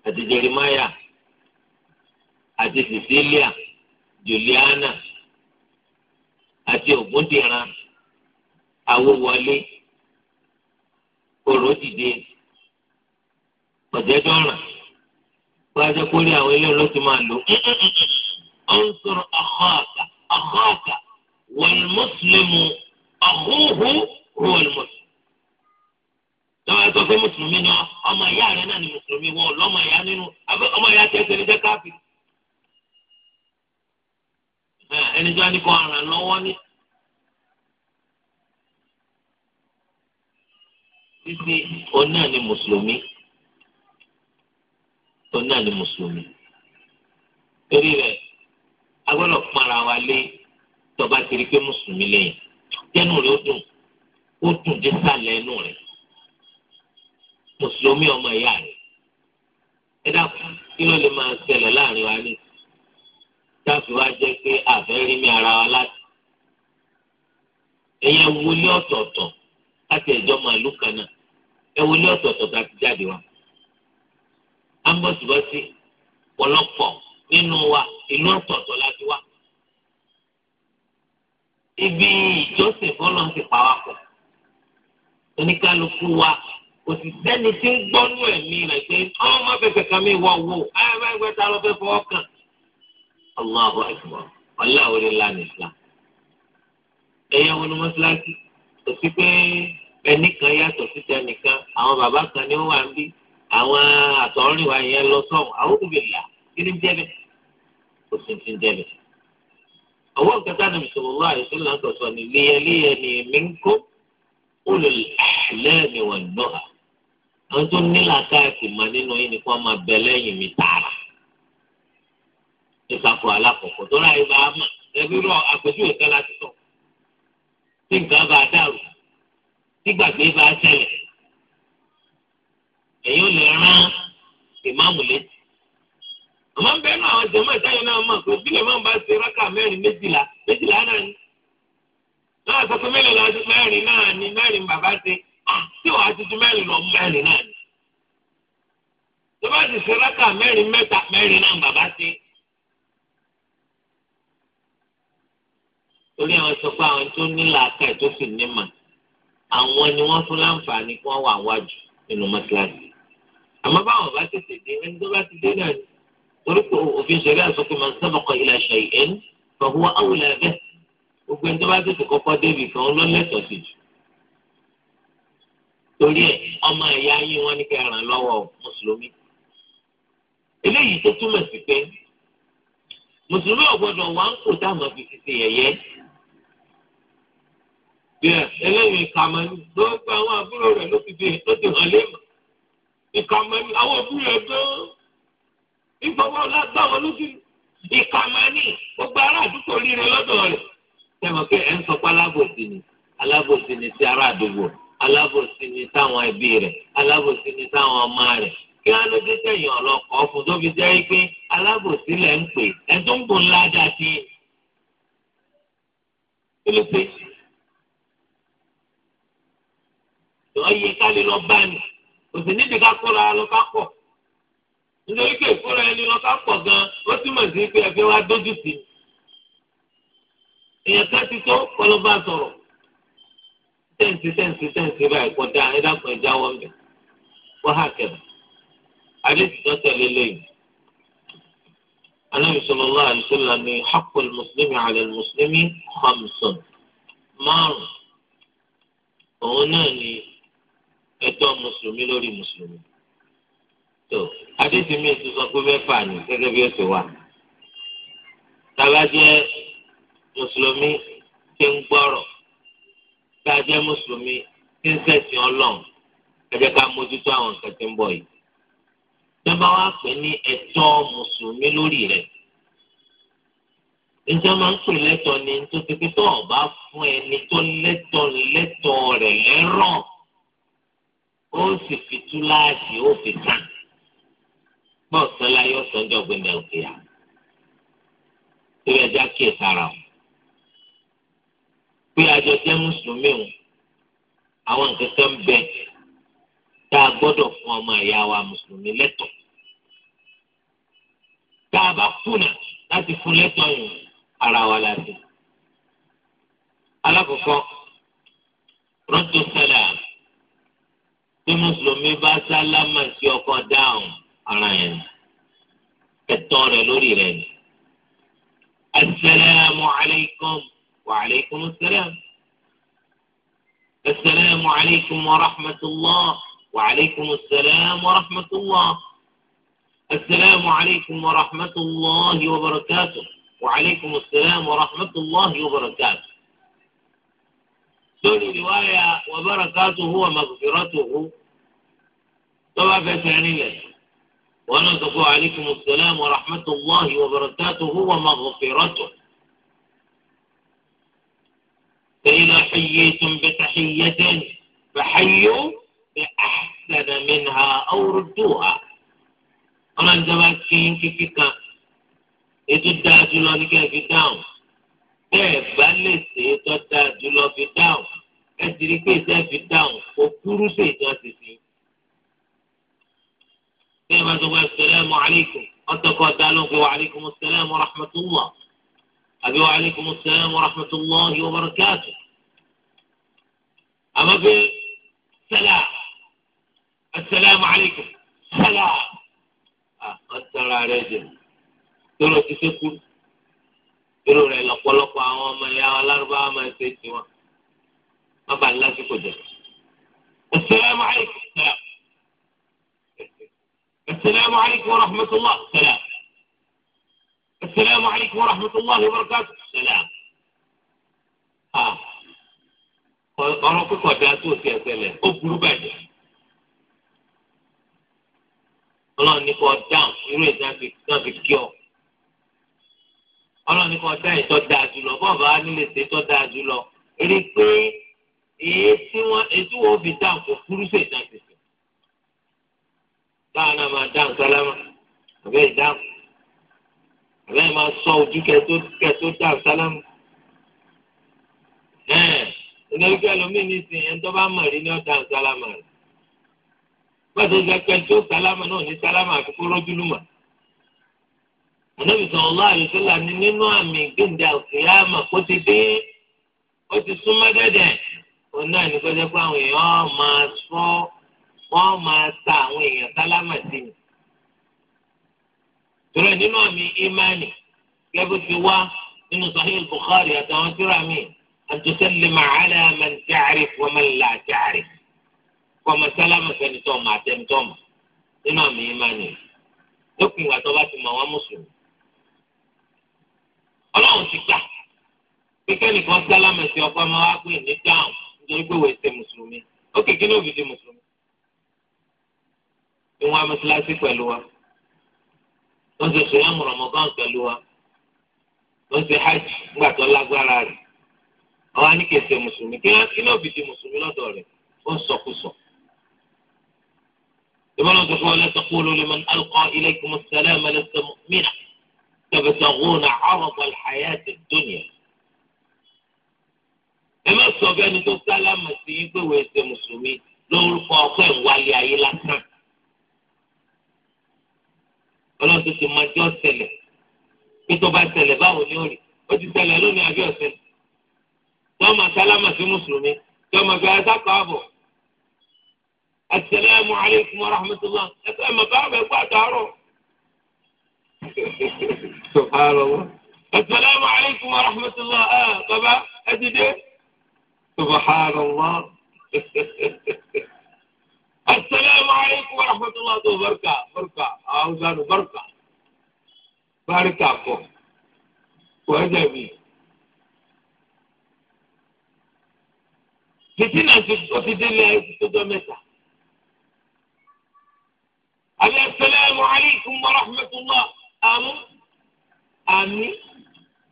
àti Jeremáyà àti Sìsílíà. Juliana àti Ògúndìran Awówọlé Òròdìdé Ọ̀jẹ̀dọ̀ràn wájú kórè àwọn ilé olóòtú máa lò ó ń sọ̀rọ̀ akhaka akhaka wal muslimu akhuhu huwal muslim lọ́wọ́ sọ pé mùsùlùmí ni ọmọ ìyá rẹ̀ náà ni mùsùlùmí wọn ọlọ́mọ ìyá nínú ọmọ ìyá tẹ̀sẹ̀ ní jẹ́ ẹni tó ẹni kan ràn lọ́wọ́ ní. títí òun náà ni mùsùlùmí òun náà ni mùsùlùmí torí rẹ̀ a gbọ́dọ̀ para wa lé tọba ti rí pé mùsùlùmí lẹ́yìn jẹ́nu rẹ̀ ó dùn ó dùn dé sàlẹ̀ ẹnu rẹ̀ mùsùlùmí ọmọ ìyá rẹ̀ ẹ dákun kí ló lè máa ṣẹlẹ̀ láàrin wa nìyí táàfin wá jẹ́ pé àfẹ́rímí ara wa láti. ẹ̀yin ẹ wọlé ọ̀tọ̀ọ̀tọ̀ láti ẹ̀jọ́ màálù kan náà ẹ wọlé ọ̀tọ̀ọ̀tọ̀ láti jáde wa. a ń bọ̀ síbọ̀ sí pọ̀lọpọ̀ nínú wa ìlú ọ̀tọ̀ọ̀tọ̀ láti wá. ibi ìjọsìn fọlọ́ ti pa wá pọ̀. oníkálukú wa kò sì sẹ́ni tí ń gbọ́nú ẹ̀mí rẹ̀ pé ọmọ fẹsẹ̀ kan mi wọ̀ wò ẹ̀ ẹ̀ ẹ̀ ta fọwọ́ kàn. Allahu akbar aláwo ni lánàá islam ẹyẹ wọn ni mọ́ṣáláṣí kò sí pé ẹnìkan yàtọ̀ sí tẹnìkan àwọn bàbá kan ni wọ́n wà ń bí àwọn àtọ̀rìnwá yẹn lọ sọ̀rọ̀ àwọn òbílà kí ni jẹ́bẹ̀ kò sí ti jẹ́bẹ̀. àwọn òkúta nàbì sallallahu alaihi wasallam sọ ni léyẹléyẹ ni minkum ulul ahlami wan nuha àwọn tó nílà káàkiri mà nínú yìí ni kò máa bẹ lẹ́yìn mi tààrà tó sàkó alákọ̀ọ́kọ́ tó ráyè bá a mọ̀ ẹbí rọ àpèjúwe kan láti sọ tí nǹkan bá a dàrú tí gbàgbé bá a ṣẹlẹ̀ èyí ò lè rán ìmáàmù létí àmọ́ ń bẹ́ẹ̀ náà àwọn jẹ̀mọ́ ìtayọ̀ náà mọ̀ pé bílẹ̀ máa ń bá ṣe rákà mẹ́rin méjìlá méjìlá náà ni náà sọ pé mélòó la mẹ́rin náà ni mẹ́rin bàbá ṣe tí wàá ti mẹ́rin lọ mẹ́rin náà ni tó bá ti ṣe rákà mẹ́rin mẹ́ta mẹ́rin náà bàbá ṣe. torí àwọn sọ pé àwọn tó ní làákàyè tó sì ní mà àwọn ni wọ́n fún láǹfààní kí wọ́n wà wájú nínú mọ́tíláàsì àmọ́ báwọn bá tètè dé ẹni tó bá ti dé náà torí pé òfin ṣẹlẹ̀ àsọkè máa ń sábàkọ ilẹ̀ àṣà ìhẹ́n fọwọ́ àwùlẹ̀ abẹ́ gbogbo ẹni tó bá tètè kọ́kọ́ débi kan lọ́lẹ́tọ̀ sí jù torí ẹ ọmọ ẹ̀yà yín wọn ní kí ràn lọ́wọ́ mùsùlùmí eléyìí tó túmọ̀ sí pé mùsùlùmí ò wà ń kó táwọn fi ti ṣe yẹ̀yẹ́ bẹ́ẹ̀ eléyìí ìkàmọ́ni gbogbo àwọn àbúrò rẹ̀ ló ti di ló ti hàn léèmọ̀ ìkàmọ́ni àwọn àbúrò rẹ̀ gan-an ìgbọ́wọ́ lágbàwọ́ lójú ìkàmọ́ni gbogbo ará àdúgbò líle lọ́dọ̀ rẹ̀ tẹ̀mọ̀ pé ẹ̀ ń sọ pé alábòsí ni alábòsí ni ti ará àdúgbò alábòsí ni táwọn ẹbí rẹ̀ alábòsí ni táwọn ọmọ rẹ̀ kí wọn ló dé tẹ̀yìn ọ̀lọ́kọ̀ ọ̀fun tó fi jẹ́ pé alábòsí lẹ̀ ń pè ẹ̀ tó ń bò ńlá dá sí i. ìwọ yẹ ká lè lọ bá ní òsì nídìí ká kóra lọ ká pọ̀ nítorí pé ìkóra ẹni lọ ká pọ̀ gan ó túmọ̀ sí pé ẹ̀fẹ́ wa dójú sí i èèyàn kan ti tó kọlọ́ba sọ̀rọ̀ tẹ́ǹsì tẹ́ǹsì tẹ́ǹsì báyìí kò dáa ẹ dákun ẹ jáwọ́ mi wọ́n hà kẹ́rẹ̀ àdéhùn tẹ̀lé lẹ́yìn anabi sallallahu alaihi wasallam ni haqqul muslimi ala muslimi khamsun márùn òun náà ni ẹ̀tọ́ mùsùlùmí lórí mùsùlùmí tó adétìmí ti sọ pé mẹ́fà ni gẹ́gẹ́ bí ó ti wà tàbá jẹ́ mùsùlùmí ti ń gbọ́rọ̀ tá a jẹ́ mùsùlùmí ti ń ṣẹ̀sìn Ọlọ́run ẹ jẹ́ ká mójútó àwọn nǹkan tí ń bọ̀ yìí tọ́ba wa pè ní ẹ̀tọ́ mùsùlùmí lórí rẹ̀ ìjọ máa ń pè lẹ́tọ̀ọ́ ni tó ti pé tó ọba fún ẹni tó lẹ́tọ̀ọ́ lẹ́tọ̀ọ́ rẹ̀ lẹ́rọ̀ọ́ ó sì fi túláàsì ó fi kàn bọ́ sọlá yóò sọjọ́ gbẹ̀ndẹ̀ òkè yá ìrẹ̀jà kíyè sára o pé àjọ jẹ́ mùsùlùmí o àwọn nǹkan kan bẹ tá a gbọ́dọ̀ fún ọmọ ìyá wa mùsùlùmí lẹ́tọ̀ọ́ tá a bá kùnà láti fún lẹ́tọ̀ọ́ yìí ara wa la dé. alákọ̀ọ́kọ́ rọ́dọ̀ sẹ́lẹ̀ àná. bí mùsùlùmí bá sálámà sí ọkọ dáhùn ara yẹn ẹ̀tọ́ rẹ̀ lórí rẹ̀ ni. asalaamu alaykum wa alaykum salaam. asalaamu alaykum wa rahmatulah wa alaykum salaam wa rahmatulah. asalaamu alaykum wa rahmatulah wa barakatuh wa alaykum salaam wa rahmatulah wa barakatuh. تقول رواية وبركاته ومغفرته مغفرته طبعا فتعني لك وأنا تقول عليكم السلام ورحمة الله وبركاته ومغفرته فإذا حييتم بتحية فحيوا بأحسن منها أو ردوها أنا أنت ما تشينك فيك إذا الدعاء لك في tẹ́ ẹ̀ bá lè ṣe é tó dáa jùlọ fi dáhùn ẹ ti rí pé iṣẹ́ fi dáhùn kó kúrú sí ìjọ ti fi. bẹ́ẹ̀ bá tó bá sẹ́lẹ̀mù aleikum ọ̀tọ̀kọ̀ dá ló ń pe wa aleikum sẹ́lẹ̀mù rahmatulah àbí wa aleikum rahmatulah yóò bá rẹ̀ àmọ́ pé sẹ́lá asalaamu aleikum sẹ́lá ọ̀tara rẹ̀ jẹ̀ tó lọ ti ṣe kúrú irú rẹ̀ lọ́pọ̀lọpọ̀ àwọn ọmọ ìyá wa lárúbáwá máa ṣe ti wọn wọn bá lásìkò jẹ. asalaamu alaykum salaam asalaamu alaykum wa rahmatulah salaam asalaamu alaykum wa rahmatulah wa barakatu salaam. ọ̀rọ̀ kíkọ̀ dá tó ti ẹsẹ̀ lẹ̀ ó burú bàjẹ́. ọlọ́run ní kò dáhùn irú ìdáhùn ti kí ọ ọlọ́run ní kò dá ìtọ́ dáa jùlọ bọ́ọ̀bá nílé ṣe tọ́ dáa jùlọ rí i pé èyí tí wọ́n ètò wọn fi dáhùn kò kúrú sí ìtàn tètè báwọn náà máa dáhùn sálámà àbẹ́ ìdáhùn àbẹ́ ẹ̀ máa sọ ojú kẹ tó dáhùn sálámà ẹ̀ẹ́n ìnáwó kí ẹlòmíì ní ìsìn ẹ̀ ń tọ́ bá mọ̀ rí ní ọ̀dà sálámà rẹ̀ pẹ̀lú ìgbà pẹ̀lú sálámà náà ní sálámà àfikún lójúlùmọ̀ ànábì sọ̀rọ̀ lọ́wọ́ àyùsọ́là ni nínú àmì gbẹ̀ǹdà òkèèyàmà kó ti dé ó ti súnmọ́ dẹ́dẹ̀ òun náà ní kọjá pé àwọn èèyàn máa sọ wọ́n máa ta àwọn èèyàn sálámà sí mi. tòrọ nínú àmì ìmánì gẹ́gẹ́ ti wá nínú sahih bukhari àtàwọn tíra mi an tusallima ala man ta'rif wa man la ta'rif kọ́mọ sálámà ọmọ nínú àmì ìmánì lópin ìgbà tó bá ti mọ̀ wọ́n mùsùlùmí ọlọ́run ti gbà pípẹ́ nìkan sálámà sí ọkọ ọmọ wa pé ní dáhùn nítorí pé wòye ṣe mùsùlùmí ó kì í kí ló fi di mùsùlùmí. ìwọ̀n amọ̀síláṣí pẹ̀lú wa wọ́n ṣe sùnyàmù rọ̀mọ́gán pẹ̀lú wa wọ́n ṣe hajj nígbà tó lágbára rẹ̀ àwọn aníkèsè mùsùlùmí kí ló fi di mùsùlùmí lọ́dọ̀ rẹ̀ ó ń sọkúsọ. ìbọn lọ́sọ̀kọ́ lẹ́sọ̀kọ́ lórí تبتغون عرض الحياة الدنيا ẹ má sọ bẹ́ẹ̀ ni tó sálámà sí yín pé wòye ṣe mùsùlùmí lórúkọ ọpẹ́ ìwálé ayé lásán. ọlọ́run tó ti máa jọ́ ṣẹlẹ̀ pé tó bá ṣẹlẹ̀ báwo ni ó rí ó ti ṣẹlẹ̀ lónìí àbí ọ̀sẹ̀. tó máa sálámà sí mùsùlùmí tó máa fi ẹ̀sà kọ́ àbọ̀. asalaamualeykum wa rahmatulah ẹ̀sẹ̀ ẹ̀ máa bá ọ̀bẹ̀ gbọ́ àtàárọ̀. سبحان الله السلام عليكم ورحمة الله آه طبعا أجده سبحان الله السلام عليكم ورحمة الله دو بركة بركة أوزان بركة بركة أبو وأدبي fitina sotide lẹ sotọ mẹ́ta alayhi salamu alaykum àmú àmì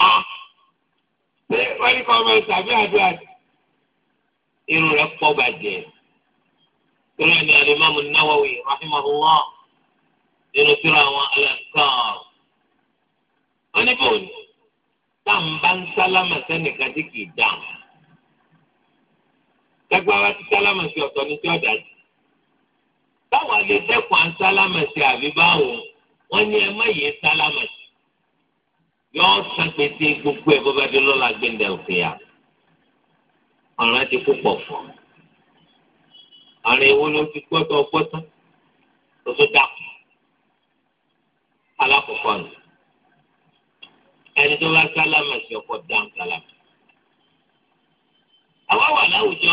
à pé wọ́n ní kọ́ ọmọ ìsàbí àdúrà irun rẹ̀ pọ̀ bàjẹ́ irun ẹni alimami Nawawi rahimahullah nínú síra àwọn alẹ́kọ̀ọ́ wọ́n ní bòun táwọn bá ń sálámà sẹ́nìkan tí kì í dáhùn lágbára ti sálámà sí ọ̀tọ̀ ní tí ọ̀dà sí. báwa lè dẹ́kun à ń sálámà sí àbí báwo wọ́n ní ẹ má yẹ sálámà sí yọọ san gbèsè gbogbo ẹ bó bá dé lọ́la gbẹ̀ndẹ̀ òkè yà ọ̀ràn ti púpọ̀ fún ọ. àrùn èwo ló ti gbọ́dọ̀ gbọ́dọ̀ tó tó dákú alákọ̀ọ́kọ́ nù ẹni tó bá sálámà sí ọkọ̀ dáhùn sálámà. àwa wà láwùjọ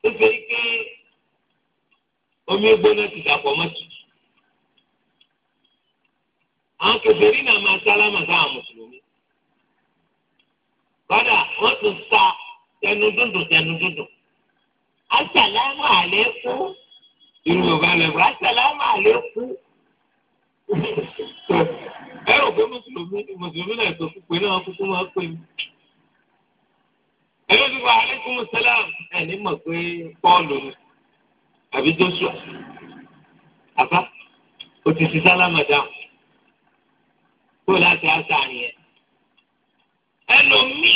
tó fẹ́ kí omi gbóná ti dàpọ̀ mọ́tò àwọn kèfèrí náà máa sálámà sáà mùsùlùmí kọ́dà wọ́n tún sa tẹnu dúndùn tẹnu dúndùn asàlámù àlékún ìlú yorùbá lẹ́wọ̀ asàlámù àlékún ẹ rò pé mùsùlùmí mùsùlùmí náà tó kúkú náà kúkú máa pè mí ẹ lọ́dún wa aleykum salam ẹ ní mọ̀ pé pọ́ọ̀lù ni àbí joshua àbá o ti ti sálámà dáhùn tó láti àṣà yẹn. ẹlòmíì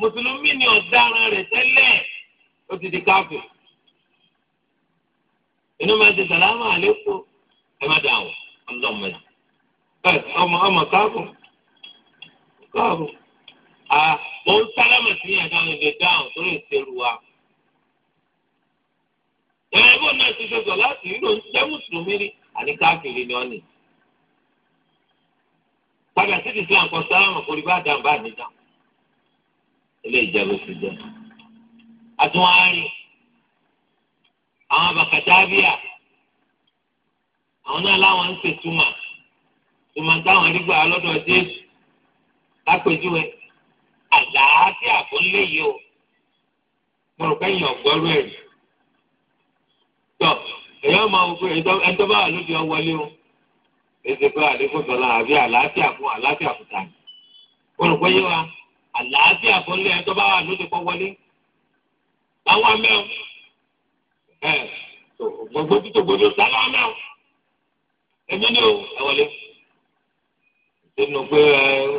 mùsùlùmí ni ọ̀daràn rẹ̀ tẹ́lẹ̀ ó ti di káfíìn. inú máa ti sàlámù àlékún ẹ má dà wọ́n ọlọ́mọ yìí. ọmọ ọmọ káàbọ̀ káàbọ̀ mo ń sálámà sí àdáhùn ìlú dáhùn tó lè ṣerú wa. ẹ̀rọ náà ti ṣe sọ láti ìlú ń mùsùlùmí rí àní káfíìn ni wọ́n nìyí padà sí ti islam kan sálámù kò rí bá dàn bá mi dàn ilé ìjẹun sì jẹ àtúwárí àwọn bàkàtàbíà àwọn náà láwọn ń ṣe túmọ̀ túmọ̀ táwọn arígbà lọ́dọ̀ jésù lápèjúwe àlàáfíà fún léyìí o mo rò kẹ́yìn ọ̀gbọ́rú ẹ̀rí tọ́ èyí ọmọ òkú ẹ̀ńtọ́ bá wà lóde ọ̀wọ́lé o ètò pé àlékún tọ́lá àbí àlàáfíà fún àlàáfíà fún tani. olùkọ́ yé wa àlàáfíà fún ilé ẹjọ́ bá wà lóde kọ́ wọlé. láwọn mẹ́wọ̀n ẹ̀ gbogbo títò gbogbo sáláwọn mẹ́wọ̀n èmi ni o ẹ wọlé. sínú pé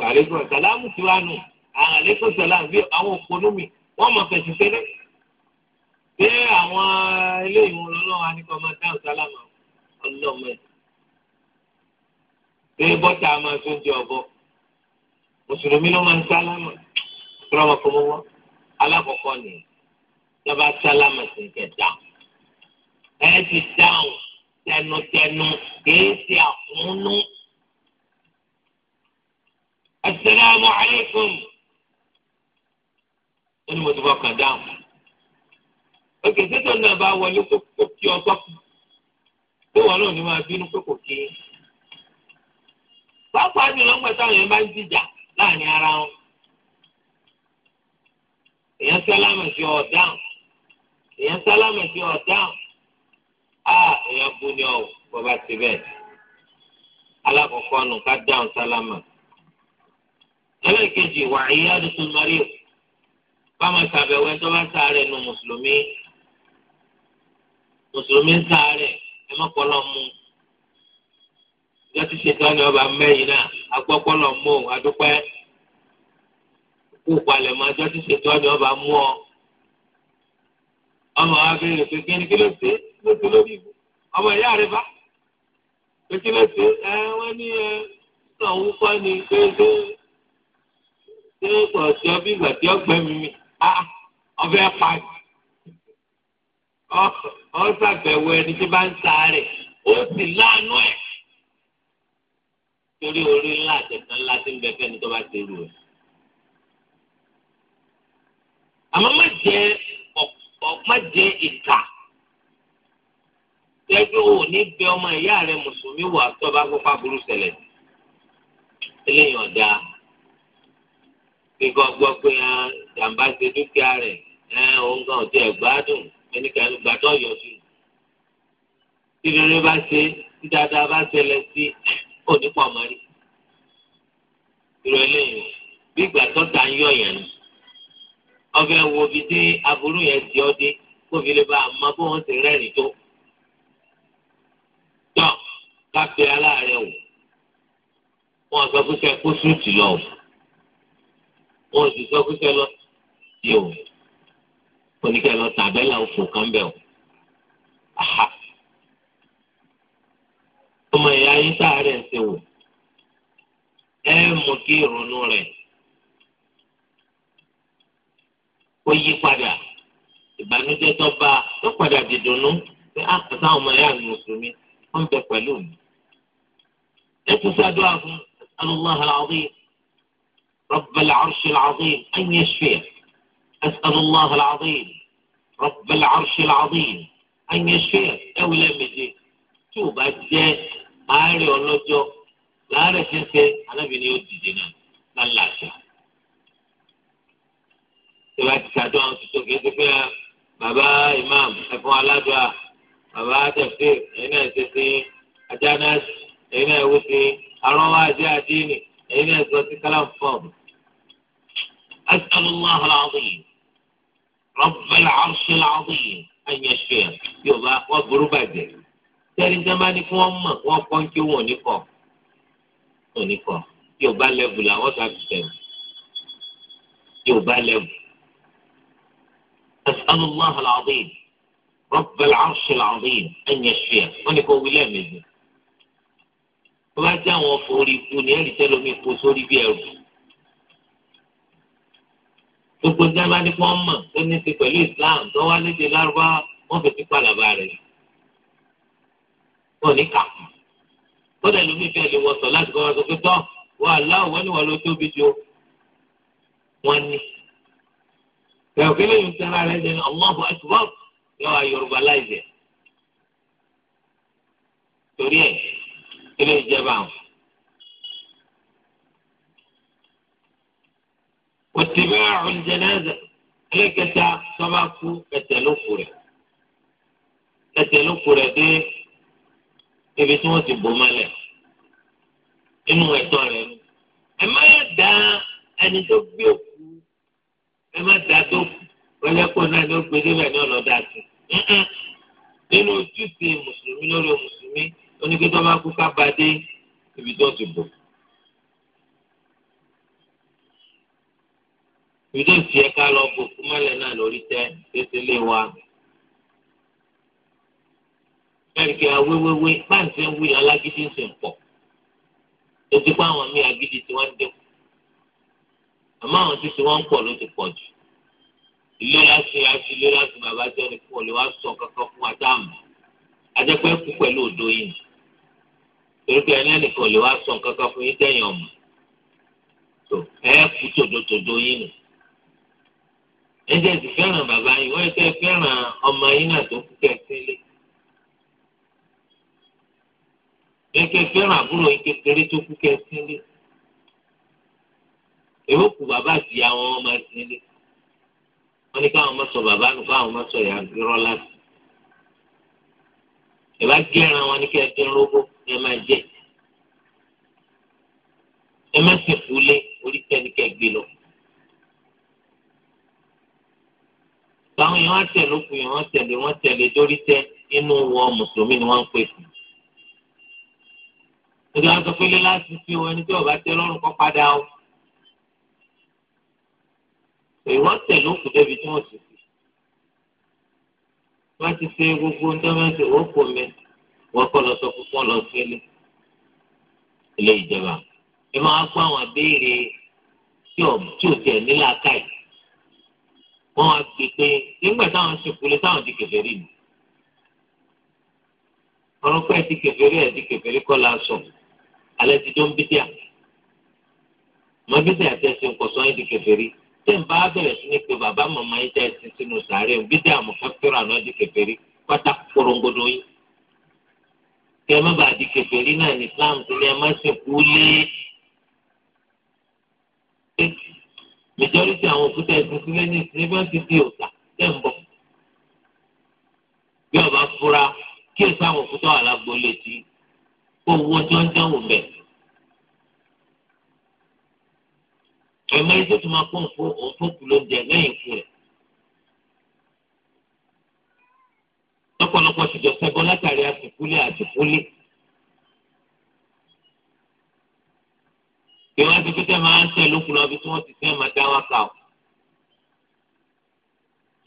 àlékún sàlámù tìwánu àlékún sàlámù bí àwọn òpónú mi wọ́n mọ̀ fẹ̀sì sẹ́lẹ̀. pé àwọn eléyìí wọn lọ́wọ́ wa ní kọ́ máa dáhùn sálámù ọlọ́mọ ẹ̀ torí bọ́tà a máa tún jẹ ọ̀bọ mùsùlùmí ló máa ń sálámà kúrọ́mọ kò mú wá alákọ̀ọ́kọ́ ni lọ́ba sálámà sì ń kẹ̀ dá ẹ ti dáhùn tẹnutẹnu kìí ṣe àkúnnú. asalaamu aleykum ó ní mo ti bọ́ kàn dáhùn òkè tètè náà bá wọlé kó kí ọ sọ́kù tó náà ní máa bínú pé kí pàápàá jùlọ ńgbà táwọn èèyàn bá ń jìjà láàrin ara wọn. èèyàn sálámà sí ọ dáhùn èèyàn sálámà sí ọ dáhùn á èèyàn bú ni ọ bọba ti bẹ́ẹ̀ alákọ̀ọ́kọ́ nù ká dáhùn sálámà ẹlẹ́ẹ̀kejì wà ìyá tuntun mari báma ṣàbẹ̀wò ẹ̀ tó bá sáré nu mùsùlùmí mùsùlùmí sáré ẹ mọ̀kọ́ lọ́mú láti ṣètọ́ni ọba mẹ́yìn náà agbọ́kọ́lọ̀ mú òun adúpẹ́ kó palẹ̀ mọ́ ajọ́ ti ṣètọ́ni ọba mú ọ. ọmọ wa béèrè pé kí ni kí ló ṣe ló ṣe lórí ìbò ọmọ ìyá rẹ bá pé kí ló ṣe ẹ wọ́n ní ẹ sọ̀hún kọ́ ni pé ṣé ṣé kò sí ọ bí ìgbà tí ọ gbẹ mi mi ọbẹ̀ ah, pa ọ ṣàbẹ̀wò ẹni tí bá ń sáré ó sì láàánú ẹ̀ torí orí ńlá àtẹ̀tàn ńlá tí ń bẹ fẹ́ni tó bá ti rù ẹ̀. àmọ́ má jẹ́ má jẹ́ ìkà tẹ́gbẹ́ ò ní bẹ ọmọ ìyá rẹ mùsùlùmí wà tó bá kópa burú ṣẹlẹ̀ eléyìí ọ̀dà kíkọ́ gbọ́ pé ah, jàǹbá ṣe dúkìá rẹ̀ eh, òun kan ò tiẹ̀ gbádùn ẹnìkan gbàtọ́ yọ̀ sí. tí rere bá ṣe tí dáadáa bá ṣẹlẹ̀ sí kò ní pọ̀ mọ́rí. ìrọ̀ eléyìí bí ìgbà tó ta ń yọ yẹn ni ọbẹ̀ wo bi dé aburú yẹn ti ọ́ dé kó fi lè ba àmọ́ bó wọn ti rẹ́rìn tó. tọ́ ká pe aláàárẹ̀ wò wọn sọ pé kẹ́ kó súùtì lọ o wọn sì sọ pé kẹ́ lọ sí oníkẹ́ lọ tàbẹ́là òfò kan bẹ̀ o ọmọ ìyá yín sáàárẹ̀ ń ṣe wò ẹ mú kí ìrònú rẹ̀ ó yí padà ìbànújẹ́ tó bá ló padà dìdùnnú pé àkàtà ah, ọmọ ìyá mi mùsùlùmí ó ń bẹ pẹ̀lú mi. ẹ tún ṣàdúrà fún الله العظيم رب العرش العظيم أن يشفيه أسأل الله العظيم رب العرش العظيم أن يشفيه أو لم يجي شو بجد àárẹ̀ ọlọ́jọ́ láàárẹ̀ ṣẹṣẹ anábì ni ó dìde náà lálàáṣà. ṣé wàá ti ṣàdó àwọn tuntun kì í ṣe pé bàbá imam ẹ̀fọn aládùá bàbá tẹ̀síìr ẹ̀yin náà ṣe sí ajánásì ẹ̀yin náà wó sí aránwá àti àdínì ẹ̀yin náà sọ sí kálánfọ̀m. أسأل الله العظيم رب العرش العظيم أن يشفيه يبقى وبربده sẹ́ni tí wọ́n bá ní kí wọ́n mọ̀ wọ́n kọ́ ń kí wọ́n ní kọ́ wọ́n ní bá lẹ́bù làwọn sàbẹ̀sẹ̀ yóò bá lẹ́bù. أسأل الله العظيم رب العرش العظيم أن يشفيه wọ́n ní kó wílẹ̀ méjì. wọ́n bá jẹ́ àwọn forí ikú ni ẹ̀rí tẹ́lẹ̀ omi kó sórí bí ẹrù. gbogbo ìjọba ni wọ́n mọ̀ tó ní ti pẹ̀lú Islam tó wá lédè lárúbá wọ́n fi ti pàlàbà rẹ̀ sí wọn ò ní kà ó lè lómi fẹ́ lè wọ sọ láti kọ́ wọn sọ pé tán wọn aláwọ̀ wọn ni wọn ló tóbi jù wọn ní. bẹ̀rù kí lóyún tẹ́lá rẹ̀ ṣe ní ọlọ́ọ̀bù ẹ̀tùbọ̀ọ̀ yóò wá yorùbá láìjẹ́ torí ẹ̀ ilé ìjẹba àwọn. واتباع الجنازة كيكتا سباكو كتلوكو رẹ̀ كتلوكو رẹ̀ دé ibi tí wọ́n ti bò mọ́lẹ̀ nínú ẹ̀tọ́ rẹ̀ ni ẹ má da ẹni tó gbé òkú ẹ má da tó pẹlẹpọ náà ló gbé débẹ̀ ní ọlọdà sí nínú ojúṣe mùsùlùmí lórí mùsùlùmí oníkẹtọ bá kú kábà dé ibi tó ti bò. ibi tó ti ẹ ká lọ bò kú mọ́lẹ̀ náà lórí tẹ tẹsílẹ̀ wa ẹnìkẹ́ awéwéwé báyìí ṣe ń wí alágídí ń ṣe ń pọ̀ lójú pé àwọn míì agídí tí wọ́n ń dínkù àmọ́ àwọn tí tí wọ́n ń pọ̀ ló ti pọ̀ jù ilé láti àti ilé láti bàbá tí ẹnì kan ò lè wá sọ kankan fún wa dáàmú ajẹ́pẹ́ kú pẹ̀lú òdo yìí torí pé ẹni ẹnìkan ò lè wá sọ kankan fún yín dẹ́yìn ọ̀mù tó ẹ kú tòdòtòdò yìí nù ẹjẹ ti fẹ́ràn bàbá yìí wọ́n ti fẹ́ràn ọmọ yìí náà tó kú kẹ́sílẹ̀ eke fẹ́ràn àbúrò eke kéré tó kú kẹ́ sílé èrò kù bàbá àti ìyá wọn máa sílé wọn ní káwọn máa sọ bàbá nù káwọn máa sọ ìyá rọ láti ẹ bá gẹ́ran wọn ní kẹ́ ẹ dín lógó ẹ máa jẹ ẹ má sì fúlé orí tẹ́ni kẹ́ gbé lọ. báwọn yẹn wọ́n tẹ̀lé okùn yẹn wọ́n tẹ̀lé wọ́n tẹ̀lé dórí tẹ́ inú wọ mùsùlùmí ni wọ́n ń pè fún un torí wọn sọ pé lé láti fi wọn ẹni tí ọba tẹ lọ́rùn kọ padà o ìwọ tẹ ló kù débi tí wọn sì fi wọn ti fi gbogbo ndọmẹsì òkú mi wọn kọ lọ sọ fúnfún ọ lọ sílé ilé ìjọba ẹ máa gbọ́ àwọn béèrè tí ò tí ò tiẹ̀ nílà káì wọn á gbé pé nígbà táwọn sìnkú lé táwọn di kèfèrí ni ọ̀rọ̀ pé ẹ ti kèfèrí ẹ ti kọ́ la sọ̀rọ̀ alẹ́ ti dó ń bí díà mọ bí díà tẹ́ ṣe ń kọ̀ sọ́yìn di kèfèrí tẹ́ ń bá bẹ̀rẹ̀ sí ní pé bàbá màmá yín tẹ́ ti sínú sàárẹ̀ ń bí díà mọ̀ fẹ́fẹ́rẹ́ àná di kèfèrí pátá korongodo yín kẹ́ ẹ má di kèfèrí náà ní Islam ti ní ẹ má sìnkú lé majority àwọn òkúta ẹ̀sìn sílẹ̀ ní ìsinmi bá ti di òòtà tẹ̀ ń bọ̀ bí ọba fura kí èso àwọn òkúta wà lágbo létí kó owó jọ́njọ́ wò bẹ̀. ẹ̀mọ́ yìí tó tún máa kó nǹkó òun tó kù ló jẹ lẹ́yìn ikú rẹ̀. lọ́pọ̀lọpọ̀ ṣùjọ́ sẹ́gun látàrí àtìkúlé àtìkúlé. ìwádìí tó tẹ́ máa ń tẹ̀ lókun lọ́bi tí wọ́n ti fẹ́ máa dá wákà o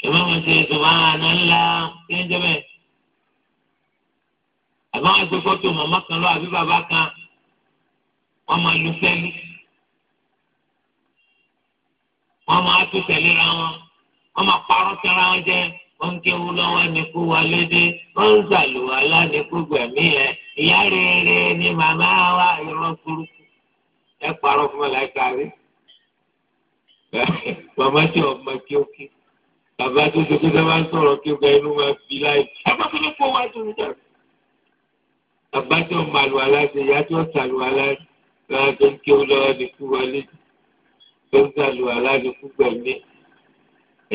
ìmọ̀ wọn ṣe ṣùgbọ́n àná ńlá kí ń jẹ́ bẹ́ẹ̀ àbá wọn gbé fọ́tò màmá kan lọ àbí bàbá kan wọ́n máa lu sẹ́lú wọ́n máa tó tẹ̀léra wọn wọ́n máa parọ́ tẹ̀ra wọn jẹ́ wọ́n ń kéwu lọ́wọ́ ẹni kú wa lédè wọ́n ń zàlù wá lánàá kú gbẹ̀mí ẹ̀ ìyá rere ni màmá wa irọ́ burúkú ẹ parọ́ fún mi láì kárí màmá tí ọmọ kí ó kí bàbá tó ṣe kí sábà ń kí ó gba inú máa fi láì kí. ẹ ní kó wá tó ń jẹ́ bàbá tí wọn máa lu aláṣẹ ìyá tí wọn sàlù aláṣẹ lọ́wọ́ tó ń ké wọn lọ́wọ́ ní kú wọlé tó ń sàlù aláṣẹ kú gbẹ̀mí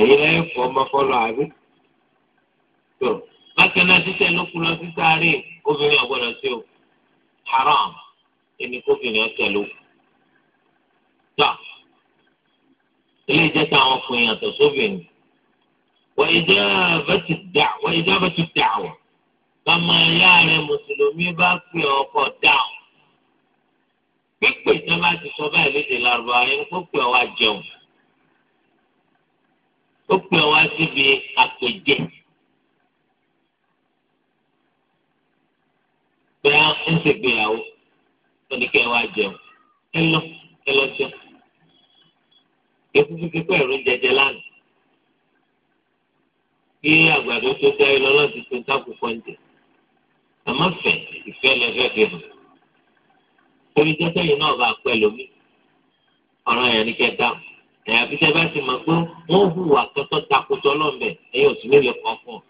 èyí lẹ́yìn fọ́ ọmọ fọlọ́ àbí. tó bákan náà títẹ̀ ló kú lọ sí sáré obìnrin ọ̀gbọ́dọ̀ sí o haram ẹni kóbìnrin ọ̀tẹ̀ tó ilé ìjẹta àwọn ọkùnrin àtọ̀ wọ́n ìjẹ́ bẹ́tù dà wọ́n ìjẹ́ bẹ́tù dà wọ́n bàmà ìyá rẹ mùsùlùmí bá pè ọkọ dáhùn pípè tí wọn bá ti sọ báyìí lédè lárúbá ẹni kó pè ọ wá jẹun ó pè ọ wá síbi àpèjẹ pé á ń ṣègbéyàwó ẹni kẹ wá jẹun ẹ lọ ẹ lọ jẹun ekutu kíkọ ẹrú jẹjẹ lánàá kí àgbàdo tó dá ẹ lọ láti tó dákú kọ́ńtẹ̀ àmọ́ fẹ́ ìfẹ́ lẹ́fẹ́ fi hàn torí jẹ́jẹ́ yìí náà bá pẹ́ lómi ọ̀ràn yẹn ní kẹ́ dáhùn ẹ̀yà fi sẹ́fẹ́ sì mọ̀ pé wọ́n hùwà tọ́tọ́ takùtọ̀ lọ́nbẹ̀ ẹ̀yìn òsì nílẹ̀ kan fún ọ.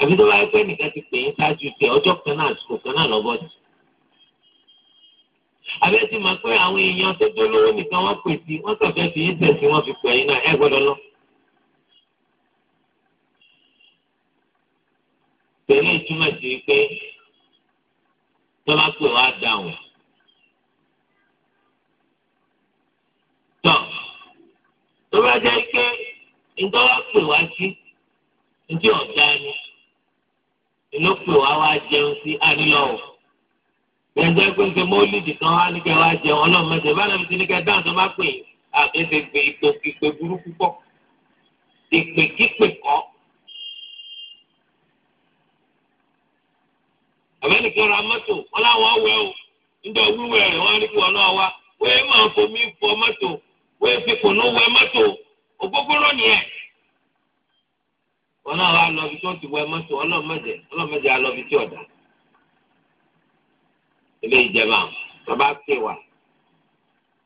àbí tó bá yẹ pé nìkan ti pè é ṣáájú tẹ ọjọ́ kan náà àsìkò kan náà lọ́bọ̀ jù. àbẹ́ ti mọ̀ pé àwọn èèyàn tó dolówó nìkan wọ́n pè sí wọ́n tọ̀fẹ́ fi yín tẹ̀sí wọ́n fi pè é náà pẹ̀lú ìtumọ̀ sí pé tọ́lá pè wá dáhùn. tọ́ tó bá jẹ́ pé ìtọ́lá pè wá sí ní ọ̀dá ni ìlú pè wá wá jẹun sí ànílọ́wọ̀ gbẹ̀ngẹ́ gbẹ̀ngẹ́ mọ́lìdì kan wá ní kẹ́ wá jẹun ọlọ́mọdé bá lọ́mọdé ní kẹ́ dáhùn tó bá pè é àgbẹ̀gbẹ̀ ìpò burúkú pọ̀ ìpè kọ́. àmẹ́nìkan ra mọ́tò wọn láwọn awẹ́ o nígbà wíwẹ̀ rẹ̀ wọ́n á rí kí wọn náà wá wọ́n máa ń fomi fọ mọ́tò wọ́n fi kùnú wẹ mọ́tò ògógóró nìyẹn. wọn náà wá lọ ibi tí wọ́n ti wẹ mọ́tò ọlọ́mọdé ọlọ́mọdé á lọ ibi tí ọ̀dà. ilé ìjẹba bàbá pè wá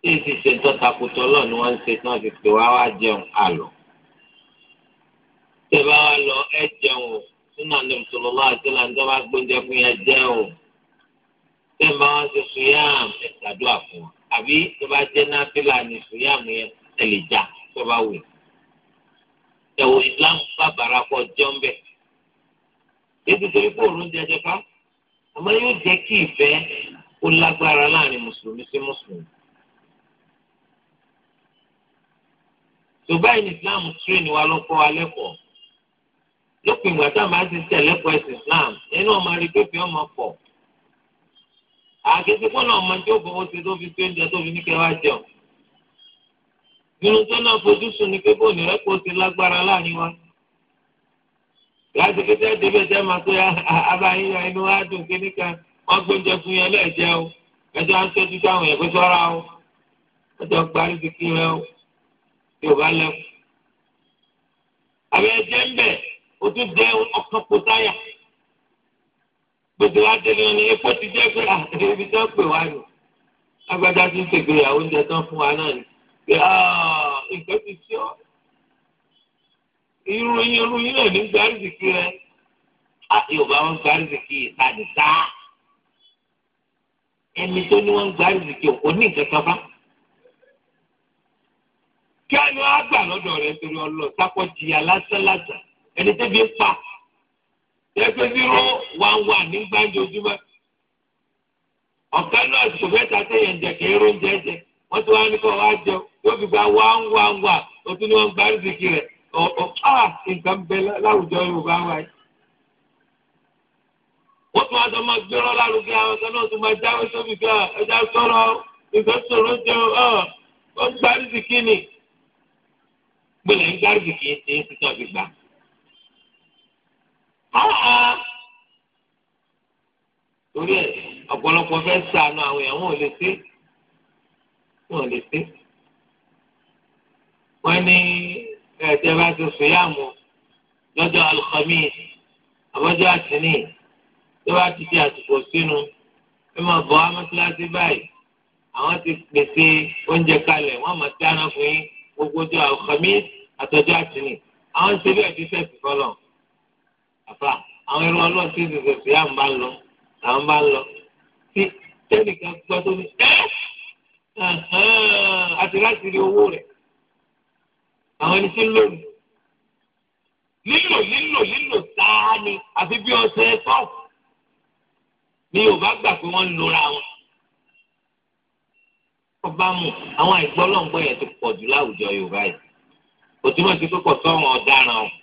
tí èsì ṣe tọ́takùtọ̀ lọ ni wọ́n ń ṣe tí wọ́n fi pè wá wá jẹun àlọ́. tẹ́ bá wá lọ ẹ jẹun o nínú àlẹ́ mùsùlùmá àti làǹdọ́ bá gbóúnjẹ fún yẹn jẹ́ o tẹ́ ẹ bá wá ṣe sùyàm ẹ̀ ṣàdúrà fún wọn àbí tó bá jẹ́ náfìlà ní sùyàm yẹn ẹ̀ tó bá wù ẹ̀wò Islam bàbàrà pọ̀ jọ́ńbẹ̀ ètò torí pé òórùn jẹjẹ ká àmọ́ yóò jẹ́ kí ìfẹ́ ó lágbára láàrin mùsùlùmí sí mùsùlùmí. ṣùgbọ́n ìsìláàmù tírèèni wa ló kọ́ wa lẹ́kọ̀ọ́ lópin ìgbà tá a máa ti tẹ̀lé pọ̀ ẹ̀sìn Islam nínú ọmọ rẹ̀ ọmọ pọ̀ àgẹ́sí fọ́nà ọmọ tí ó fowó ṣe tó fi tó oúnjẹ tó fi ní kẹwàá jẹun sùn ní pé bóun ti lágbára láàrin wa láti fi débẹ̀ tẹ́ máa pé ah, ah, inú wa dùn kí níka wọ́n gbóúnjẹ fún yẹn lẹ́ẹ̀jẹ́ o ẹjọ́ á ń tẹ́jú sáwọn yẹn sọ́ra o ẹjọ́ ojú dé ọkàn kò táyà gbèsè wa délé wọn ni epo ti jẹ pé ibi tó ń pè wá ni agbada ti ń ṣègbéyàwó oúnjẹ tó ń fún wa náà ni pé nǹkan ti ṣe ọ irú yín irú yín náà ní gbáríṣìkì rẹ á yorùbá wọn gbáríṣìkì ìtàdìtà ẹni tó ní wọn gbáríṣìkì ò ní nǹkan kan bá kí á ní wọn á gbà lọ́dọ̀ rẹ torí ọlọ sápọ jìyà lásán lásán ẹni tẹ́ fi pa tẹ́gbẹ́ zero one one ní gbàǹjo ojúmọ́ ọ̀kan náà sọ̀fẹ́ta tẹ̀yẹ̀ ń jẹ kí irun jẹ́ jẹ wọ́n ti wá ní kọ́ wá jẹ yóò fi gba one one one o tún ní wọn gba rìsíkì rẹ̀ ọ̀ọ́ á ah, nǹkan bẹ láwùjọ Yorùbá wa yìí. wọ́n tún wá sọ ma gbérọ́ lárugẹ àwọn kan náà tún ma jáwé sóbì ká ah, ẹja sọ̀rọ̀ ìfẹ́ sọ̀rọ̀ jẹ ọ̀ ọ́ gba rìsíkì ni gbẹ̀lẹ̀ ń gba rìsíkì yìí torí ẹ ọ̀pọ̀lọpọ̀ fẹ́ sànù àwọn èèyàn wọn ò lè ṣe wọn ò lè ṣe wọn ní ẹ̀ẹ́dẹ́ bá ti sùn yàmù lọ́jọ́ alùpàmì àbọ̀jọ́ àtìní tó bá ti di àsìkò sínú ẹ máa bọ̀ amọ́síláṣí báyìí àwọn ti pèsè oúnjẹ kalẹ̀ wọ́n máa dáná fún yín gbogbo ọjọ́ alùpàmì àtọ́jọ́ àtìní àwọn ń ṣe bẹ́ẹ̀ fi fẹ́ẹ̀sì fọlọ́ọ̀ àfà àwọn ẹran ọlọ́ọ̀tì ìdìbò sí à ń bá lọ à ń bá lọ tí tẹ́nìkan gbọ́ tó ní àti láti rí owó rẹ̀ àwọn ẹni tí ń lò ní lílò lílò lílò sáá ni àfi bí ọṣẹ tọ́ọ̀fù ni yóò bá gbà pé wọ́n ń lora wọn. ọba mu àwọn àìgbọ́lọ́ngbọ́ yẹn ti pọ̀ jù láwùjọ Yorùbá yìí òtún mọ̀ sí pé kò ọ̀daràn ọ̀hún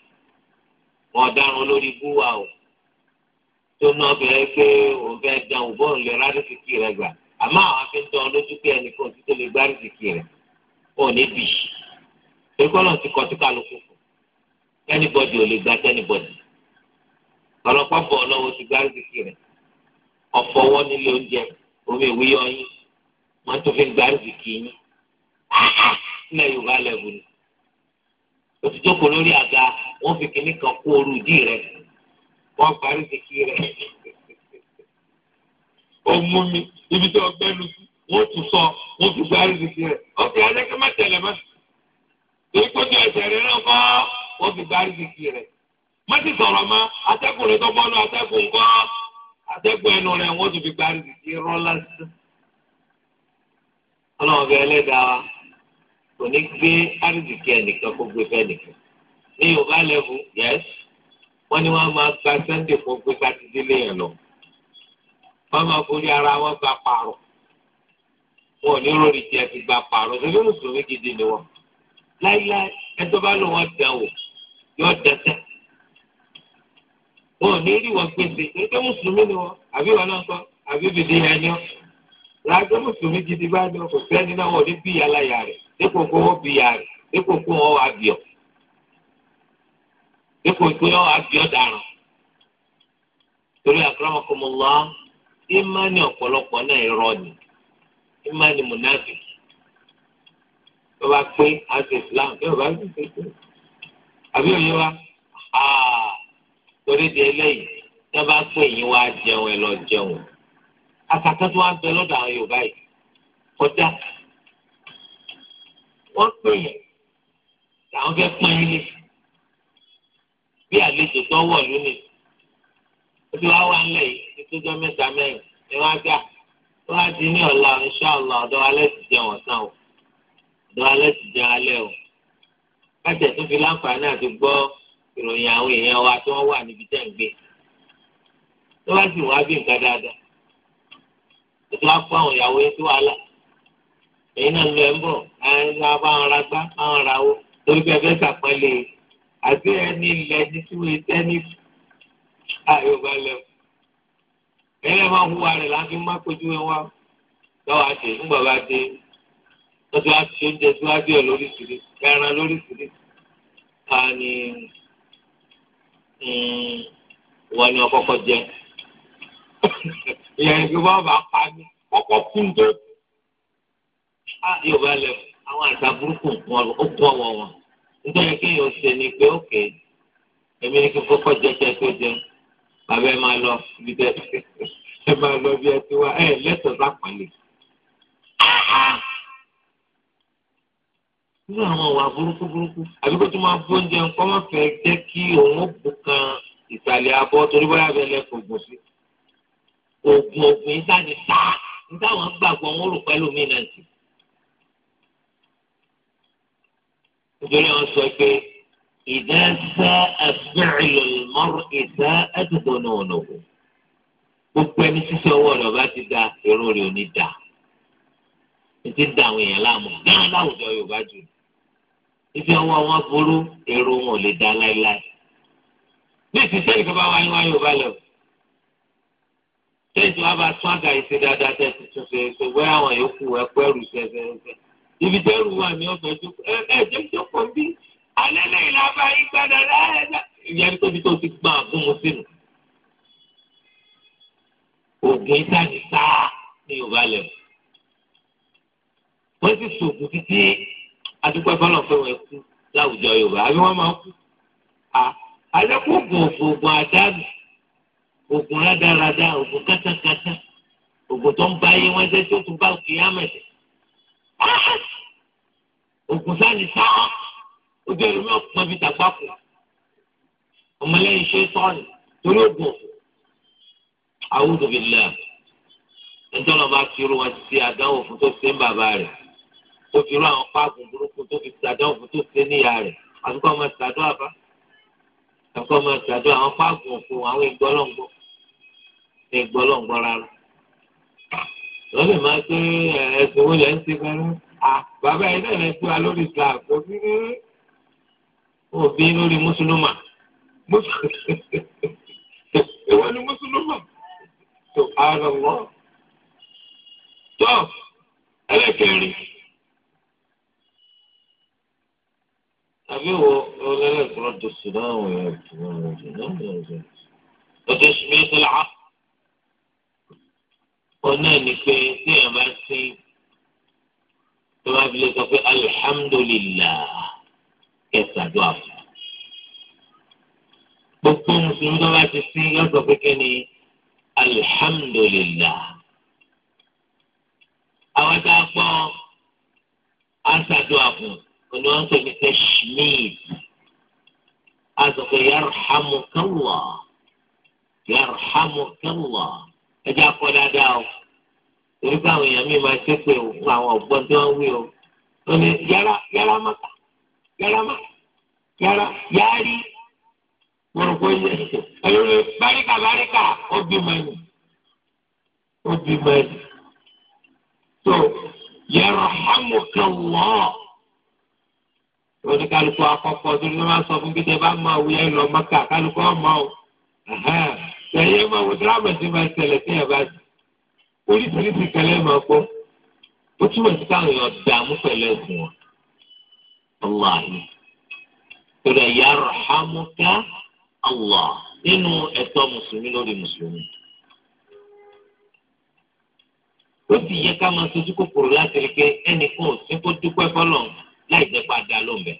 ọ̀daràn olórí ikú wa o tó náà bẹ̀rẹ̀ pé òun fẹ́ dán òun bọ́ọ̀lù lè rádìsíkì rẹ̀ gbà àmọ́ àwọn afi ń tọ́ ọ lójú pé ẹnìkan ti tó lè gbá rádìsíkì rẹ̀ ò ní bì í ìgbọ́nà ti kọ́ sí kálukú fún ẹnìbọ̀dì ò lè gba tẹ́nìbọ̀dì ọ̀rọ̀pọ̀ bọ̀ lọ́wọ́ ti gbá rádìsíkì rẹ̀ ọ̀fọwọ́ nílé oúnjẹ omi ìwé ọyìn wọ́n tún fi gbá rádìsíkì yín ilẹ̀ Yorùbá lẹ́bù ni òtítọ́ wọ́n fi kíní kan kó oru ìdí rẹ wọ́n parí ìdíkì rẹ̀ ibi tó ọgbẹ́ lu tún sọ wọ́n fi parí ìdíkì rẹ̀ ọkùnrin alẹ́kẹ́ má tẹ̀lé má kó tó ẹsẹ̀ ma atẹ́kùn tó atẹ́kùn kọ́ atẹ́kùn ẹnu tún fi parí ọlọ́run ẹlẹ́dàá wa kò ní gbé ní yorùbá lẹ́bù yẹ́s wọ́n ní wọ́n máa gba sunday fún pé sátidé léèyàn lọ wọ́n máa forí ara wọn gba pààrọ̀ wọn ò ní rọrí jẹ́ fi gba pààrọ̀ ṣẹlẹ́ mùsùlùmí gidi ni wọn láíláí ẹjọ́ bá lò wọ́n dẹ̀ wò yọ dẹ́sẹ̀ wọn ò ní rí wọn pèsè ẹgbẹ́ mùsùlùmí ni wọn àbí wọn náà sọ àbí bìdí yẹn ni wọn lájọ́ mùsùlùmí gidi bá dọ̀ kò sẹ́ni náà wọn ò ní bí dípò pé ọ àbí ọdaràn torí àkàràmọkọmọlá ìmánì ọ̀pọ̀lọpọ̀ náà irọ́ ni ìmánì mùnàfíkì tó pé àti islam tó bá ti pé àbí òye wa torí di bá pé yín wá jẹun ẹ lọ jẹun àtàkùn tó wá bẹ lọ́dọ̀ àwọn yorùbá yìí kọjá wọ́n pè fẹ́ àlejò tó wọ̀ lónìí ó ti wá wà ńlẹ̀ yìí ìtújọ́ mẹ́ta mẹ́rin ni wọ́n á gbà tó wá di ní ọ̀la inṣàlá ọ̀dọ́ alẹ́ ti jẹun ọ̀sán o ọ̀dọ́ alẹ́ ti jẹun alẹ́ o kájẹ̀ tó fi láǹfààní àti gbọ́ ìròyìn àwọn èèyàn wa tí wọ́n wà níbi tẹ̀ ń gbé tó bá sì wá bí nǹkan dáadáa ètò àpò àwọn ìyàwó yẹn tó wà lá èyí náà lọ ẹ̀ ń bọ̀ ẹ̀ àti ẹni ilẹ̀ ní tí wọ́n ṣe ní àyọ̀bá lẹ̀. ẹ̀rẹ́ máa ń hùwà rẹ̀ láti má kojú ẹ wá lọ́wọ́ àti ńgbà bá dé wọ́n ti wá ti oúnjẹ tí wọ́n á bíọ̀ lóríṣiríṣi ẹran lóríṣiríṣi ká ní hmm, wọ́n ní ọkọ̀ọ̀kọ̀ jẹ. ìyẹn ìgbé wọn bá pa ní kọ́kọ́ kúndó. àyọ̀bá lẹ̀ àwọn àṣà burúkú wọn ó kọ́ wọn wọn nítorí kí yóò ṣe ni pé òkè èmi ní kí kókó jẹjẹ tó jẹ bàbá ẹ máa lọ bí ẹ ẹ máa lọ bí ẹ ti wá ẹ lẹtọ bá pàlè. nínú àwọn ọ̀wà burúkú burúkú àbí kó tó máa bó oúnjẹ nǹkan wọn fẹ́ jẹ́ kí òun ó kan ìsàlẹ̀ abọ́ torí bóyá bẹ́ẹ̀ lẹ́kọ̀ọ́ gbò sí. oògùn oògùn yìí sáà ní sáà ní táwọn gbàgbọ́ wọn rò pẹ́lú mi náà sí nítorí wọn sọ pé ìdẹ́sẹ́ ẹ̀fẹ́rìlò mọ́rù ìdá ẹ̀dùnkún náà nù. gbogbo ẹni sísẹ ọwọ́ rẹ̀ ọba ti da irun rẹ̀ ò ní da ètí da àwọn èèyàn láàmú dáhùn láwùjọ Yorùbá jù ibi ọwọ́ wọn burú èrò wọn ò lè da láéláé bí ìsísẹ́ ìjọba wa ni wọn lẹ̀ ṣé ìjọba bá tún àgàyè ṣe dáadáa tẹ̀ tuntun ṣe ṣe wẹ́ àwọn yòókù ẹ̀kọ́ ẹ̀rù ṣẹṣẹ ibi tẹ́ rù wà ní ọ̀sán ju ẹ ẹ jẹ́ ìjọpọ̀ bí alẹ́ lẹ́yìn lábá yín gbọ́dọ̀ láyé náà. ìyẹn tóbi tó ti gbà fún mu sínú. oògùn ìsáàdì sáà ní yorùbá lẹ̀ wọ́n sì sògùn títí adúpẹ́ bọ́lọ̀ fẹ́ wọ́n kú láwùjọ yorùbá àbí wọ́n máa kú. àlẹ́kùn oògùn òfòògùn àdánù oògùn rádaràdà oògùn kátàkátà oògùn tó ń báyé wọn jẹ́ tó tún bá òkè yá mẹ́tẹ̀ òkú sáni sáà ojú ẹ̀rọ mi ọ̀pọ̀ bíi tàgbákò ọmọlẹ́yìn ṣe sọ́ọ̀nì torí ògùn àwùjọ bíi lẹ́yìn ẹjọ́ náà bá fi irú wọn ṣe àdánwò fún tó ṣe ń bàbá rẹ̀ ó fi irú àwọn páàkì burúkú tó fi ṣàdánwò fún tó ṣe níyà rẹ̀ àtúkọ́ ọmọ ṣàdó àbá àtúkọ́ ọmọ ṣàdó àwọn páàkì òfin àwọn ìgbọ́lọ́ngbọ́ ìgbọ́lọ́ngbọ́ rárá wọ́n lè máa pé ẹ̀sìn wo lẹ́ ń ṣe fẹ́rẹ́ à bàbá yìí náà lè fún wa lórí Islam kò bí òbí lórí mùsùlùmá ìwọ ni mùsùlùmá tó ara wọ́n tó ẹlẹ́kẹ̀rin. àbí wo ọlọ́lẹ́sọ̀rọ̀ tó sùn náà wọ̀ ẹ̀ tó wọ́n lọ́jọ́ náà lọ́jọ́. ọjọ́ ìṣúná ìṣẹ̀lẹ̀ àpò oní ẹni pé tí èèyàn bá sín tó bá fi lè sọ pé alihamdulilah kẹsàdó àfọ gbogbo mùsùlùmí tó bá ti sín yóò sọ pé kí ni àwọn tá a gbọ́ asàdó àfọ oní wọn sọ pé tashmid a sọ pé yarhamukallah yarhamukallah ẹjẹ akọ dáadáa o torí pé àwọn èèyàn mi máa ṣe pé o fún àwọn ọgbọ́n tí wọ́n wí o wọ́n ní yàrá yàrá mọ́ta yàrá mọ́ta yàrá yàrí wọ́n kọ́ ilé ẹ̀rọ báríkà báríkà ó bí mọ́ ó bí mọ́ tó yàrá hàmù kan wọ́ akọkọ tó ní wọ́n sọ fún kí tẹ bá máa wí ẹ lọ mọ́ta kálukú ọ̀ máa lẹ́yìn máa wo dírámà tí máa tẹ̀lé tí ẹ bá di oríṣiríṣi kẹlẹ máa gbọ́ ó túmọ̀ sí káwọn èèyàn dààmú pẹ̀lú ẹ̀sìn wọn ọláhìn torí ẹ̀yà rahamuka allah nínú ẹ̀tọ́ mùsùlùmí lórí mùsùlùmí ó sì yẹ ká máa sojú kòkòrò láti rí i pé ẹnìkan ò sí kó dúpẹ́ fọlọ́ láì jẹ́ padà lóńbẹ́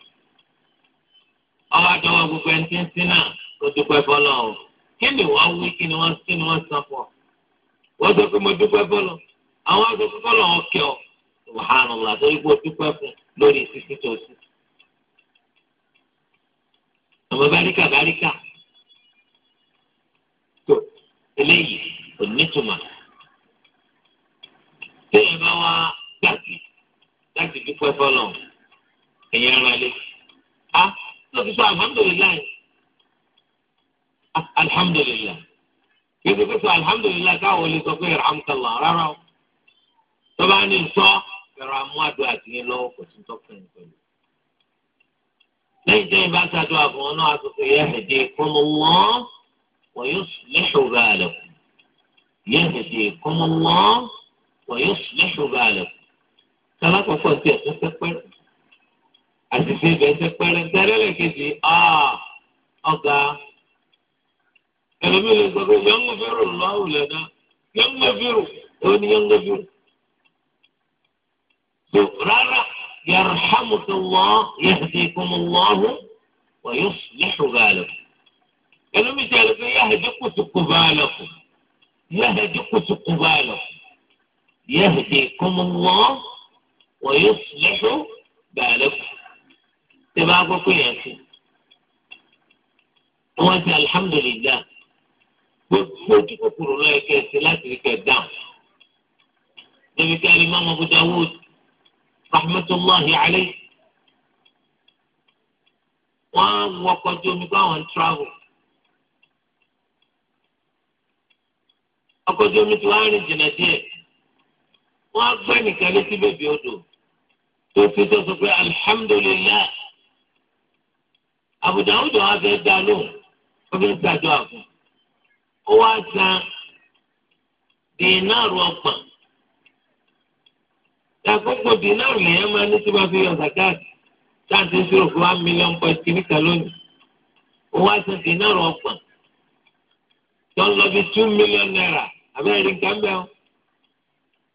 ọwọ́ àdọ́wọ́ gbogbo ẹni tí ń sin náà ó dúpẹ́ fọlọ́ o kí ni wọ́n wí kí ni wọ́n kí ni wọ́n san fún ọ. wọ́n sọ pé mo dúpẹ́ fọlọ́ àwọn sọ pé fọlọ́ wọn kẹ́ ọ wàhálà wọn àti orí pé o dúpẹ́ fún lórí sísí tó sí. àmọ́ báríkà báríkà tó eléyìí kò nítumọ̀ téèyàn bá wá gbàgbé láti dúpẹ́ fọlọ́ ẹ̀yìn ara lé. a ah, ló fi sọ alhamdulilayi alhamdulilah ibi pípọ̀ alhamdulilah káwọn olè sọ pé rahmatulah rárá o tọ́ba ní sọ ẹ̀rọ amúadó àtìyẹn lọ́wọ́ kò tún tọ́kùn ẹ̀ pẹ̀lú. lẹ́yìn tẹ́yìn bá ṣàdúrà fún ọ náà aṣọ pé yahdikumullah wa yuslihu balakum yahdikumullah wa yuslihu balakum. sábà kọ̀ọ̀kan tiẹ̀ tó fẹ́ pẹ́rẹ́ àṣìṣe ibẹ̀ ṣe pẹ́rẹ́ tẹ́lẹ̀ kejì ah, ọ̀gá. ẹlòmí lè sọ pé yọ̀ǹgà fẹ́rù lọ́wọ́ lẹ́dá yọ̀ǹgà fẹ́rù ó ní yọ̀ǹgà fẹ́rù. tó rárá yarhamukallah yahdikumullahu wa yuslihu balakum. ẹlòmí tí a lè fẹ́ yahdi kutuku balakum yahdi kutuku balakum yahdikumullah wa yuslihu balakum. tẹ́ bá gbọ́ pé yẹn ti wọ́n ti alhamdulillah. gbogbo ojú kòkòrò lọ́yẹ kẹsẹ̀ láti rí kẹ dáhùn. Níbi tí alimọ́ Abu Dawud rahmatulahi alayhi wọ́n wọkọ̀ ju omi bá wọn travel. ọkọ̀ ojú omi tí wọ́n á rìn jìnnà díẹ̀ wọ́n á gbẹ́ nìkan létí bèbí odò tó fi tó pé alihamudulilayi Abu Dawud wọn fẹ́ dá lóhùn wọ́n fẹ́ gbàdúrà fún un. ó wá san dínàrù ọgbọ̀n àkókò dínàrù yẹn máa ní tí wọ́n fi yọ zakat táàtì ṣòro fún one million point kìíní kan lónìí ó wá san dínàrù ọgbọ̀n tó ń lọ bí two million naira abẹ́rẹ́ rí nǹkan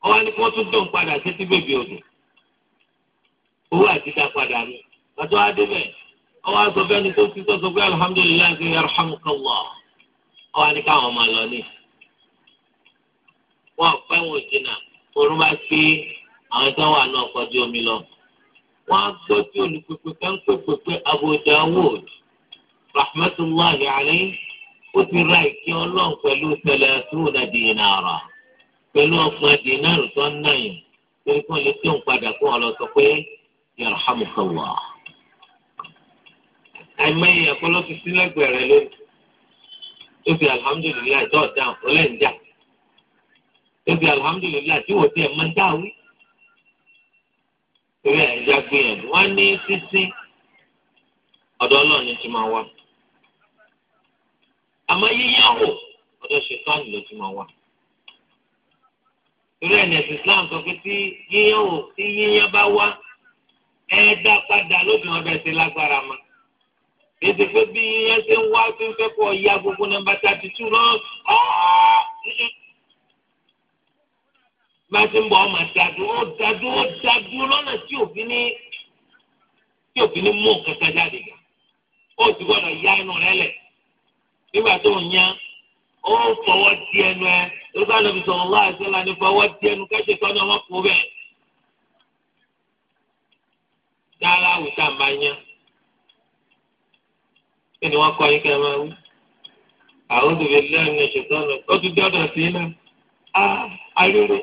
ó wá ní kó tún dùn padà títí bèbè odò owó àti padà ní pàtó adébẹ̀ ó tó ti sọ pé alihamudulilayi ṣe yàrá wọ́n á ní káwọn máa lọ ní. wọ́n ọ̀pẹ́ wọn jìnnà oorun bá gbé àwọn tó wà náà kọjú omi lọ. wọ́n á gbọ́ tí olùpèpè kan pèpè pé Abu Dawud rahmatullahi alayhi ó ti ra ìkí ọlọ́run pẹ̀lú tẹ̀lẹ̀ túwúdà dìínà ara pẹ̀lú ọgbọ̀n dìínà rùtọ́ náà yìí torí kí wọ́n lè tó ń padà kó wọn lọ sọ pé yarhamukallah. àìmọye ẹ̀kọ́ ló ti sílẹ̀ gbẹ̀rẹ̀ lónìí tó fi alihamudulilayi tó dáhùn ó lẹ́yìn dá tó fi alihamudulilayi tí wò tiẹ̀ máa ń dáwí torí àyíká gbìyànjú wọn ní sísín ọ̀dọ̀ Ọlọ́run ti máa wá àmọ́ yíyáwó ọ̀dọ̀ ṣètọ́nù ló ti máa wá torí ẹni ẹ̀sìn Islam sọ pé tí yíyáwó tí yíyá bá wá ẹ dá padà lófin ọbẹ̀ ṣe lágbára máa èdè pé bí ẹ ṣe ń wá tó ń fẹ́ kọ́ ya gbogbo nọ́mbà thirty two náà máa ti ń bọ̀ ọmọ dàdú ó dàdú ó dàdú lọ́nà tí òfin ní tí òfin ní mú kankan jáde gà ó ti gbọ́dọ̀ ya ẹnu rẹ lẹ̀ nígbà tó ń yan ó fọwọ́ di ẹnu ẹ lóṣù àná bìsọ̀ ọ̀la àṣẹlá ní fọwọ́ di ẹnu kẹ́sì tọ́ ní ọmọ kú bẹ́ẹ̀. dára àwùjá máa yan kí ni wọ́n kọ́ yín kẹ́ ẹ máa wí. àwọn òbí lẹ́yìn ní ṣètọ́nù ó ti dọ́dọ̀ sí iná á arére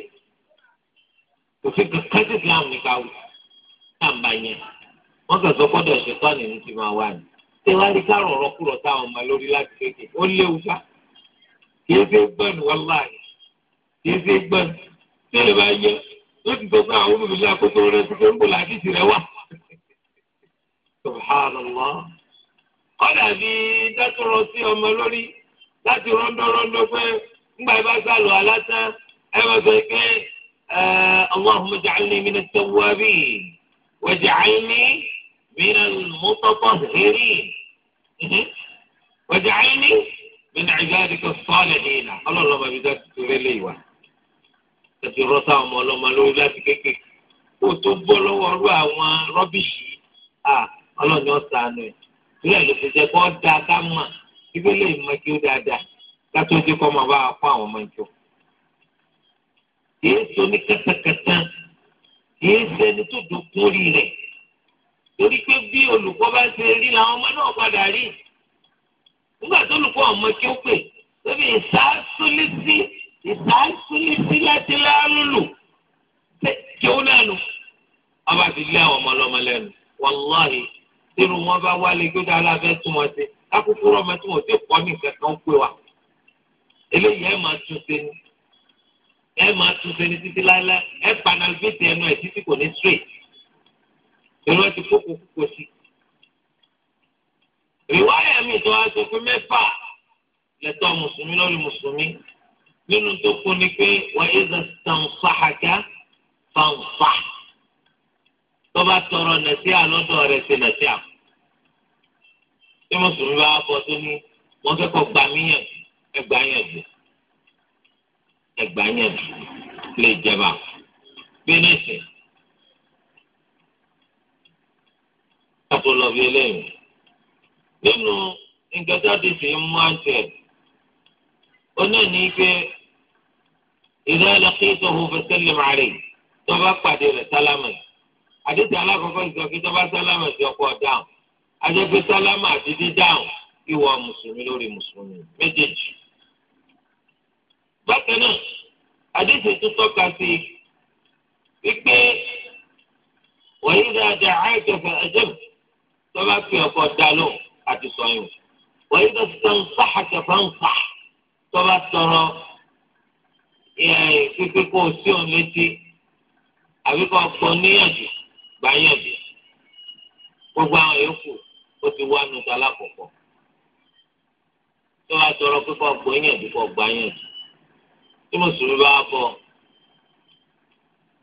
òfin kankan sí Islam nípa wù sáàmbá yẹn wọ́n kàn sọ kọ́dọ̀ ṣètọ́nù ní ti máa wà ní. ṣé wàá rí káàrọ̀ ọ̀rọ̀kúrọ̀ táwọn ọmọ lórí láti kéèké ó léwu sá kì í ṣe gbọ́nù wọ́n láàyè kì í ṣe gbọ́nù tí ẹ bá yẹ ó ti sọ pé àwọn olùdílé àkókò rẹ ti fẹ́ ń bò láti ìsìn wà. subhanallah. ọ dàbí dẹ́tọ̀rọ̀ sí ọmọ lórí láti rọ́ńdọ́rọ́ńdọ́ pé ńgbà bá sàlù alásán ẹ bá sọ pé Allahumma ij'alni minat tawwabin waj'alni minal mutatahhirin mhm. waj'alni min ibadika as-salihin ọlọ́run bàbí dá tuntun láti ọmọ ọlọ́mọ lórí láti kó tó bọ́ lọ́wọ́ sílẹ̀ ló fi jẹ́ kó da ká mà ibi lè mọ kí ó dáadáa ká tó dé kọ́ máa bá a kó àwọn ọmọ ìjọ. kìí so ní kẹtẹkẹtẹ kìí ṣe ẹni tó dòkun rí rẹ̀ torí pé bí olùkọ́ bá ṣe rí làwọn ọmọ náà padà rí nígbà tó olùkọ́ ọmọ kí ó pè lórí ìsáàsúlísí ìsáàsúlísí láti láàrúlù kí ó náà nù ọba ti lé àwọn ọmọ ọlọ́mọ lẹ́nu wàláhì tẹnu wọn bá wálé gbẹdọ aláfẹ túmọ̀ sí kákúkú rọmọ tí wọn ti pọ ní kankan pé wa eléyìí ẹ máa tún ṣe ni ẹ máa tún ṣe ni títí láéláé ẹ panalbéètì ẹnu ẹ títí kò ní straight ìrọ ti kókó kókó sí. ìwáyà mi tó wá sọ pé mẹ́fà lẹ́tọ́ mùsùlùmí lórí mùsùlùmí nínú tó kún ni pé wọ́n yé zan sàn fàájà fàǹfà tó bá tọrọ nàìjíríà àlọ́dọ̀ rẹ̀ ṣe nàìjíríà tí mùsùlùmí bá bọ́ tó ní wọ́n kẹ́kọ̀ọ́ gbà níyàn ẹgbà yàn jù ẹgbà yàn jù lè jẹba bínẹ́sì àtúnlọ́bí eléyìí nínú nǹkan jáde sí mú àǹtẹ̀ ó náà ní pé ìdá ẹlẹ́kẹ́ ìtọ́hún fẹsẹ̀ lè máa rè tó pàdé rẹ̀ sálámù yìí àdéhùn alákọ̀ọ́kọ́ nìkan kí tọ́ba sálámà sí ọkọ̀ dáhùn adéhùn sálámà àti dídáhùn ìwọ mùsùlùmí lórí mùsùlùmí méjèèjì. bákan náà àdéhùn tó tọ́ka sí wípé wọ́n yí dáadáa àìkẹfẹ́ ẹ̀jẹ̀m tọ́ba fi ọkọ̀ dá lóhùn àti sọ̀yìn wọ́n yí dáadáa ń sáhàkẹ́fẹ́ ń sà tọ́ba tọrọ pípé sí òun létí àbíkọ́ níyànjú gbáyọ̀dé gbogbo àwọn yòókù ó ti wá nùtọ́ alákọ̀ọ́kọ́ tó wàá tọrọ pé kọ́ gbọ́yànjú kọ́ gbáyànjú tí mùsùlùmí bá bọ̀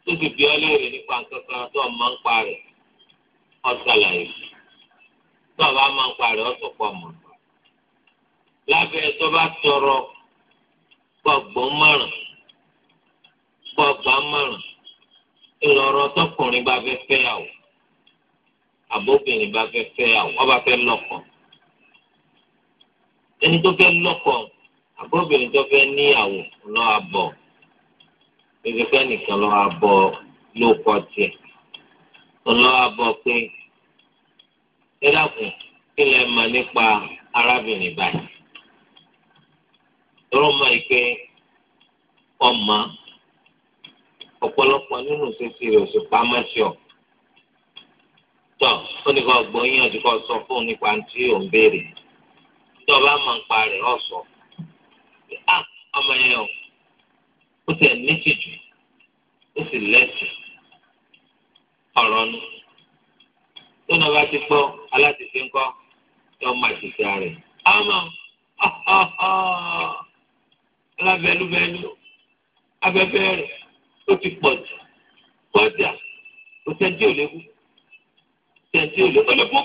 tó ti bí ọ léèrè nípa nǹkan kan tó o máa ń pa rẹ̀ ọ tó o máa ń pa rẹ̀ ọ sọ lábẹ́ tó bá tọrọ kọ́ gbọ́n márùn kọ́ gbọ́n márùn ńlọrọ tọkùnrin bá fẹ́ fẹ́ àwọ̀ àbóbìnrin bá fẹ́ fẹ́ àwọ̀ wọ́n bá fẹ́ lọ́kọ. ẹni tó fẹ́ lọ́kọ àbóbìnrin tó fẹ́ níyàwó lọ́ abọ̀ pépépé nìkan lọ́ abọ̀ ló kọ́ tiẹ̀ lọ́ abọ̀ pé ẹ dákun kí lẹ mọ̀ nípa arábìnrin báyìí. lọ́rọ̀ mọ́ ẹ pé ọmọ ọ̀pọ̀lọpọ̀ nínú ìṣesí rẹ̀ oṣù pàmọ́síọ̀ tọ́ ó ní kó gbóyún ọdún kó sọ fún un nípa tí ò ń béèrè tí ọba máa ń pa rẹ̀ ọ̀sọ̀ a ọmọ yẹn o ó ti ẹ̀ méjì jù ó sì lẹ́sìn ọ̀rọ̀ nu tó náà bá ti gbọ́ aláṣẹṣe ńkọ́ yọ máa ṣèṣe rẹ̀ àmọ́ alábẹ́lúbẹ́lú abẹ́bẹ́ rẹ̀ ó ti pọ̀ jù kọjá ó sẹ́ńtì ò léwu sẹ́ńtì ò léwu ó léwu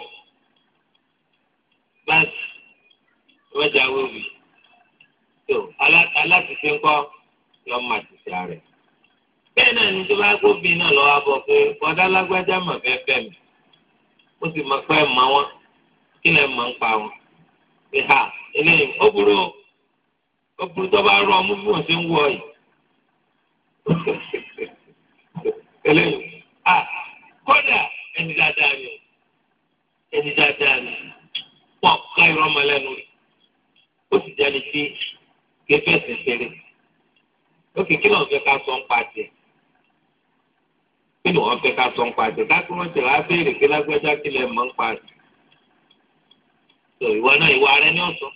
báàsì ọjà wéwì tó aláṣìṣe ńkọ́ yọ ọmọ àṣìṣe rẹ̀ bẹ́ẹ̀ náà ní tó bá gbóbin náà lọ́wọ́ bọ̀ pé ọ̀dà lágbájá mọ̀ fẹ́ fẹ́ mi ó sì mọ̀ pé mọ̀ wọn kí lẹ̀ mọ̀ ń pa wọn pé ha eléyìí ó burú ó burú tó bá rọ ọmú bí wọ́n ṣe ń wọ̀ yìí. eléyìí a kọ́dà ẹni dáadáa ni ẹni dáadáa ni wọ́n ká irọ́ ọmọ lẹ́nu rẹ̀ ó sì jáde sí kẹfẹ́ sẹ̀sẹ̀rẹ̀ ó kì í kí lóun fẹ́ ká sọ ń pa tiẹ̀ kí ni wọ́n fẹ́ ká sọ ń pa tiẹ̀ káàkiri wọn tẹ̀ wá béèrè pé lágbájá kí lẹ̀ mọ́ ń pa tiẹ̀ tó ìwọ náà ìwà rẹ ní ọ̀sán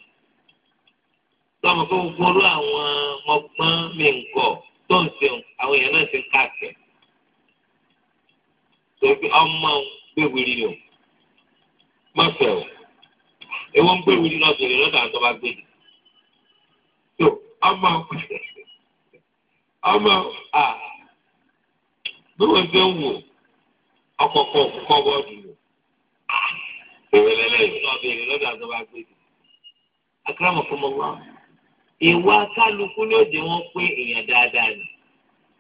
lọ́mọ fún gbogbo olú àwọn ọgbọ́n mi ń gọ̀ tó ń sèun àwọn èèyàn náà ti ń ká tiẹ̀ sọ ọmọ gbẹ̀wìrì o má fẹ́ o ewu ń gbẹ̀wìrì náà sọ̀rọ̀ lọ́dọ̀ àtọ́ bá gbẹ̀dì tó ọmọ ọmọ à bí wọ́n fẹ́ wò ọkọ̀ọ̀kọ̀ kọ́ bọ́ọ̀dù o ah. èwe lẹ́lẹ́yìn náà bẹ̀rẹ̀ lọ́dọ̀ àtọ́ bá gbẹ̀dì akérèmọ̀ fún mọ́ wá ìwà kálukú ni ó jẹ́ wọ́n pé èèyàn dáadáa ni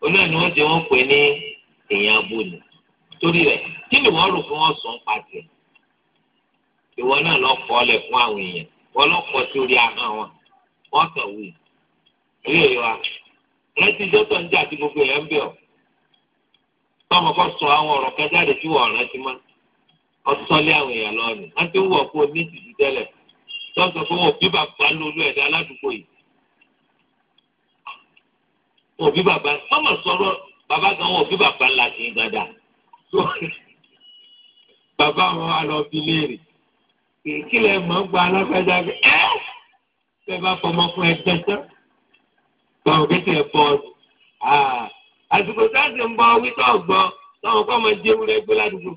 olóyìn ni wọ́n jẹ́ wọ́n pè ní èèyàn abóni torí rẹ̀ kí ni wọ́n rò fún wọn sọ ń pàtẹ ìwọ náà lọ kọ ọlẹ fún àwọn èèyàn wọ́n lọ kọ sórí ahọ́n wọn wọ́n kàn wí orí òye wa rántí dọ́tọ̀ ń jà tí gbogbo èèyàn ń bẹ̀ ọ́ tọ́mọ kọ́ sọ àwọn ọ̀rọ̀ kan jáde tí wọ́n rántí mọ́ ọtọ́lé àwọn èèyàn lọ́nu wọ́n ti ń wọ̀ kó ní ìtìjú tẹ́lẹ̀ lọ́sọ̀ fún wọn òbí bàbá lólu ẹ̀dá aládùúgbò yìí òbí bàbá mọ́mọ́ sọ̀rọ̀ bàbá kan wọn òbí bàbá ńlá kì gbàdá bàbá àwọn alọ́bí léèrè kí lè mọ̀ gba alágbájá pé ẹ́ bẹ́ẹ̀ bá fọmọ fún ẹgbẹ́ tán báwọn kí tiẹ̀ bọ́ ọdún. àsìkò sáàsì ń bọ wí tó gbọ́ táwọn kọ́ máa jẹ́ ewúrẹ́ gbé ládùúgbò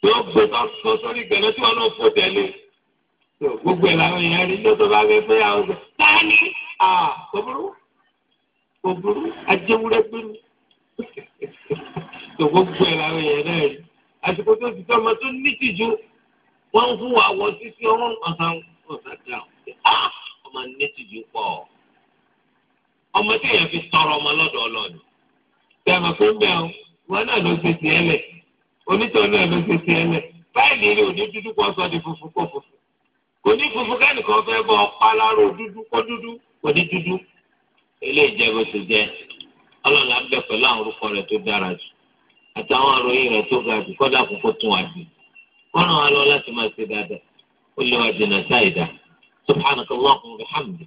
tó gbé tó sọ sórí gẹ̀lẹ́ tí wọ́n náà fò tẹ̀lé gbogbo ẹ̀ làwọn èèyàn rí lọ́tọ̀ bá fẹ́ fẹ́ àwọn ọ̀gbẹ́ tání òbúrú òbúrú ajẹ́wúrẹ́ gbé mi tó gbogbo ẹ̀ làwọn èèyàn náà rí àsìkò tó ti tọ́mọ tó nítìjú wọ́n ń fún wa wọ títí ọ̀hún ọ̀sán ọ̀sán dáhùn ọmọ nítìjú pọ̀ ọmọ tí èèyàn fi tọrọ ọmọ lọ́dọ̀ ọlọ́dún tẹ ẹ mọ̀ pé ń o ọ́ wọn náà ló ṣe tiẹ̀ lẹ̀ onítọ̀ náà ló ṣe tiẹ̀ lẹ̀ báyìí lè òní dúdú kó sọ di funfun kó funfun kò ní funfun kẹ́nìkan fẹ́ bọ́ ọ ọlọ́run á bẹ pẹ̀lú àwọn orúkọ rẹ̀ tó dára jù àtàwọn àròyìn rẹ̀ tó ga jù kọ́dà kó kó tún wá jù kọ́nà wa lọ láti máa ṣe dáadáa ó lè wá jìnnà sáìdá subhanaka allahumma wa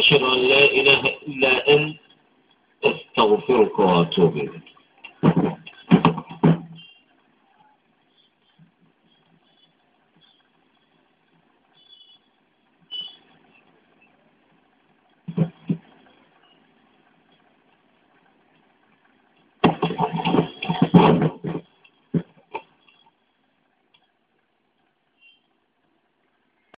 ashhadu an la ilaha illa anta astaghfiruka wa atubu ilayk.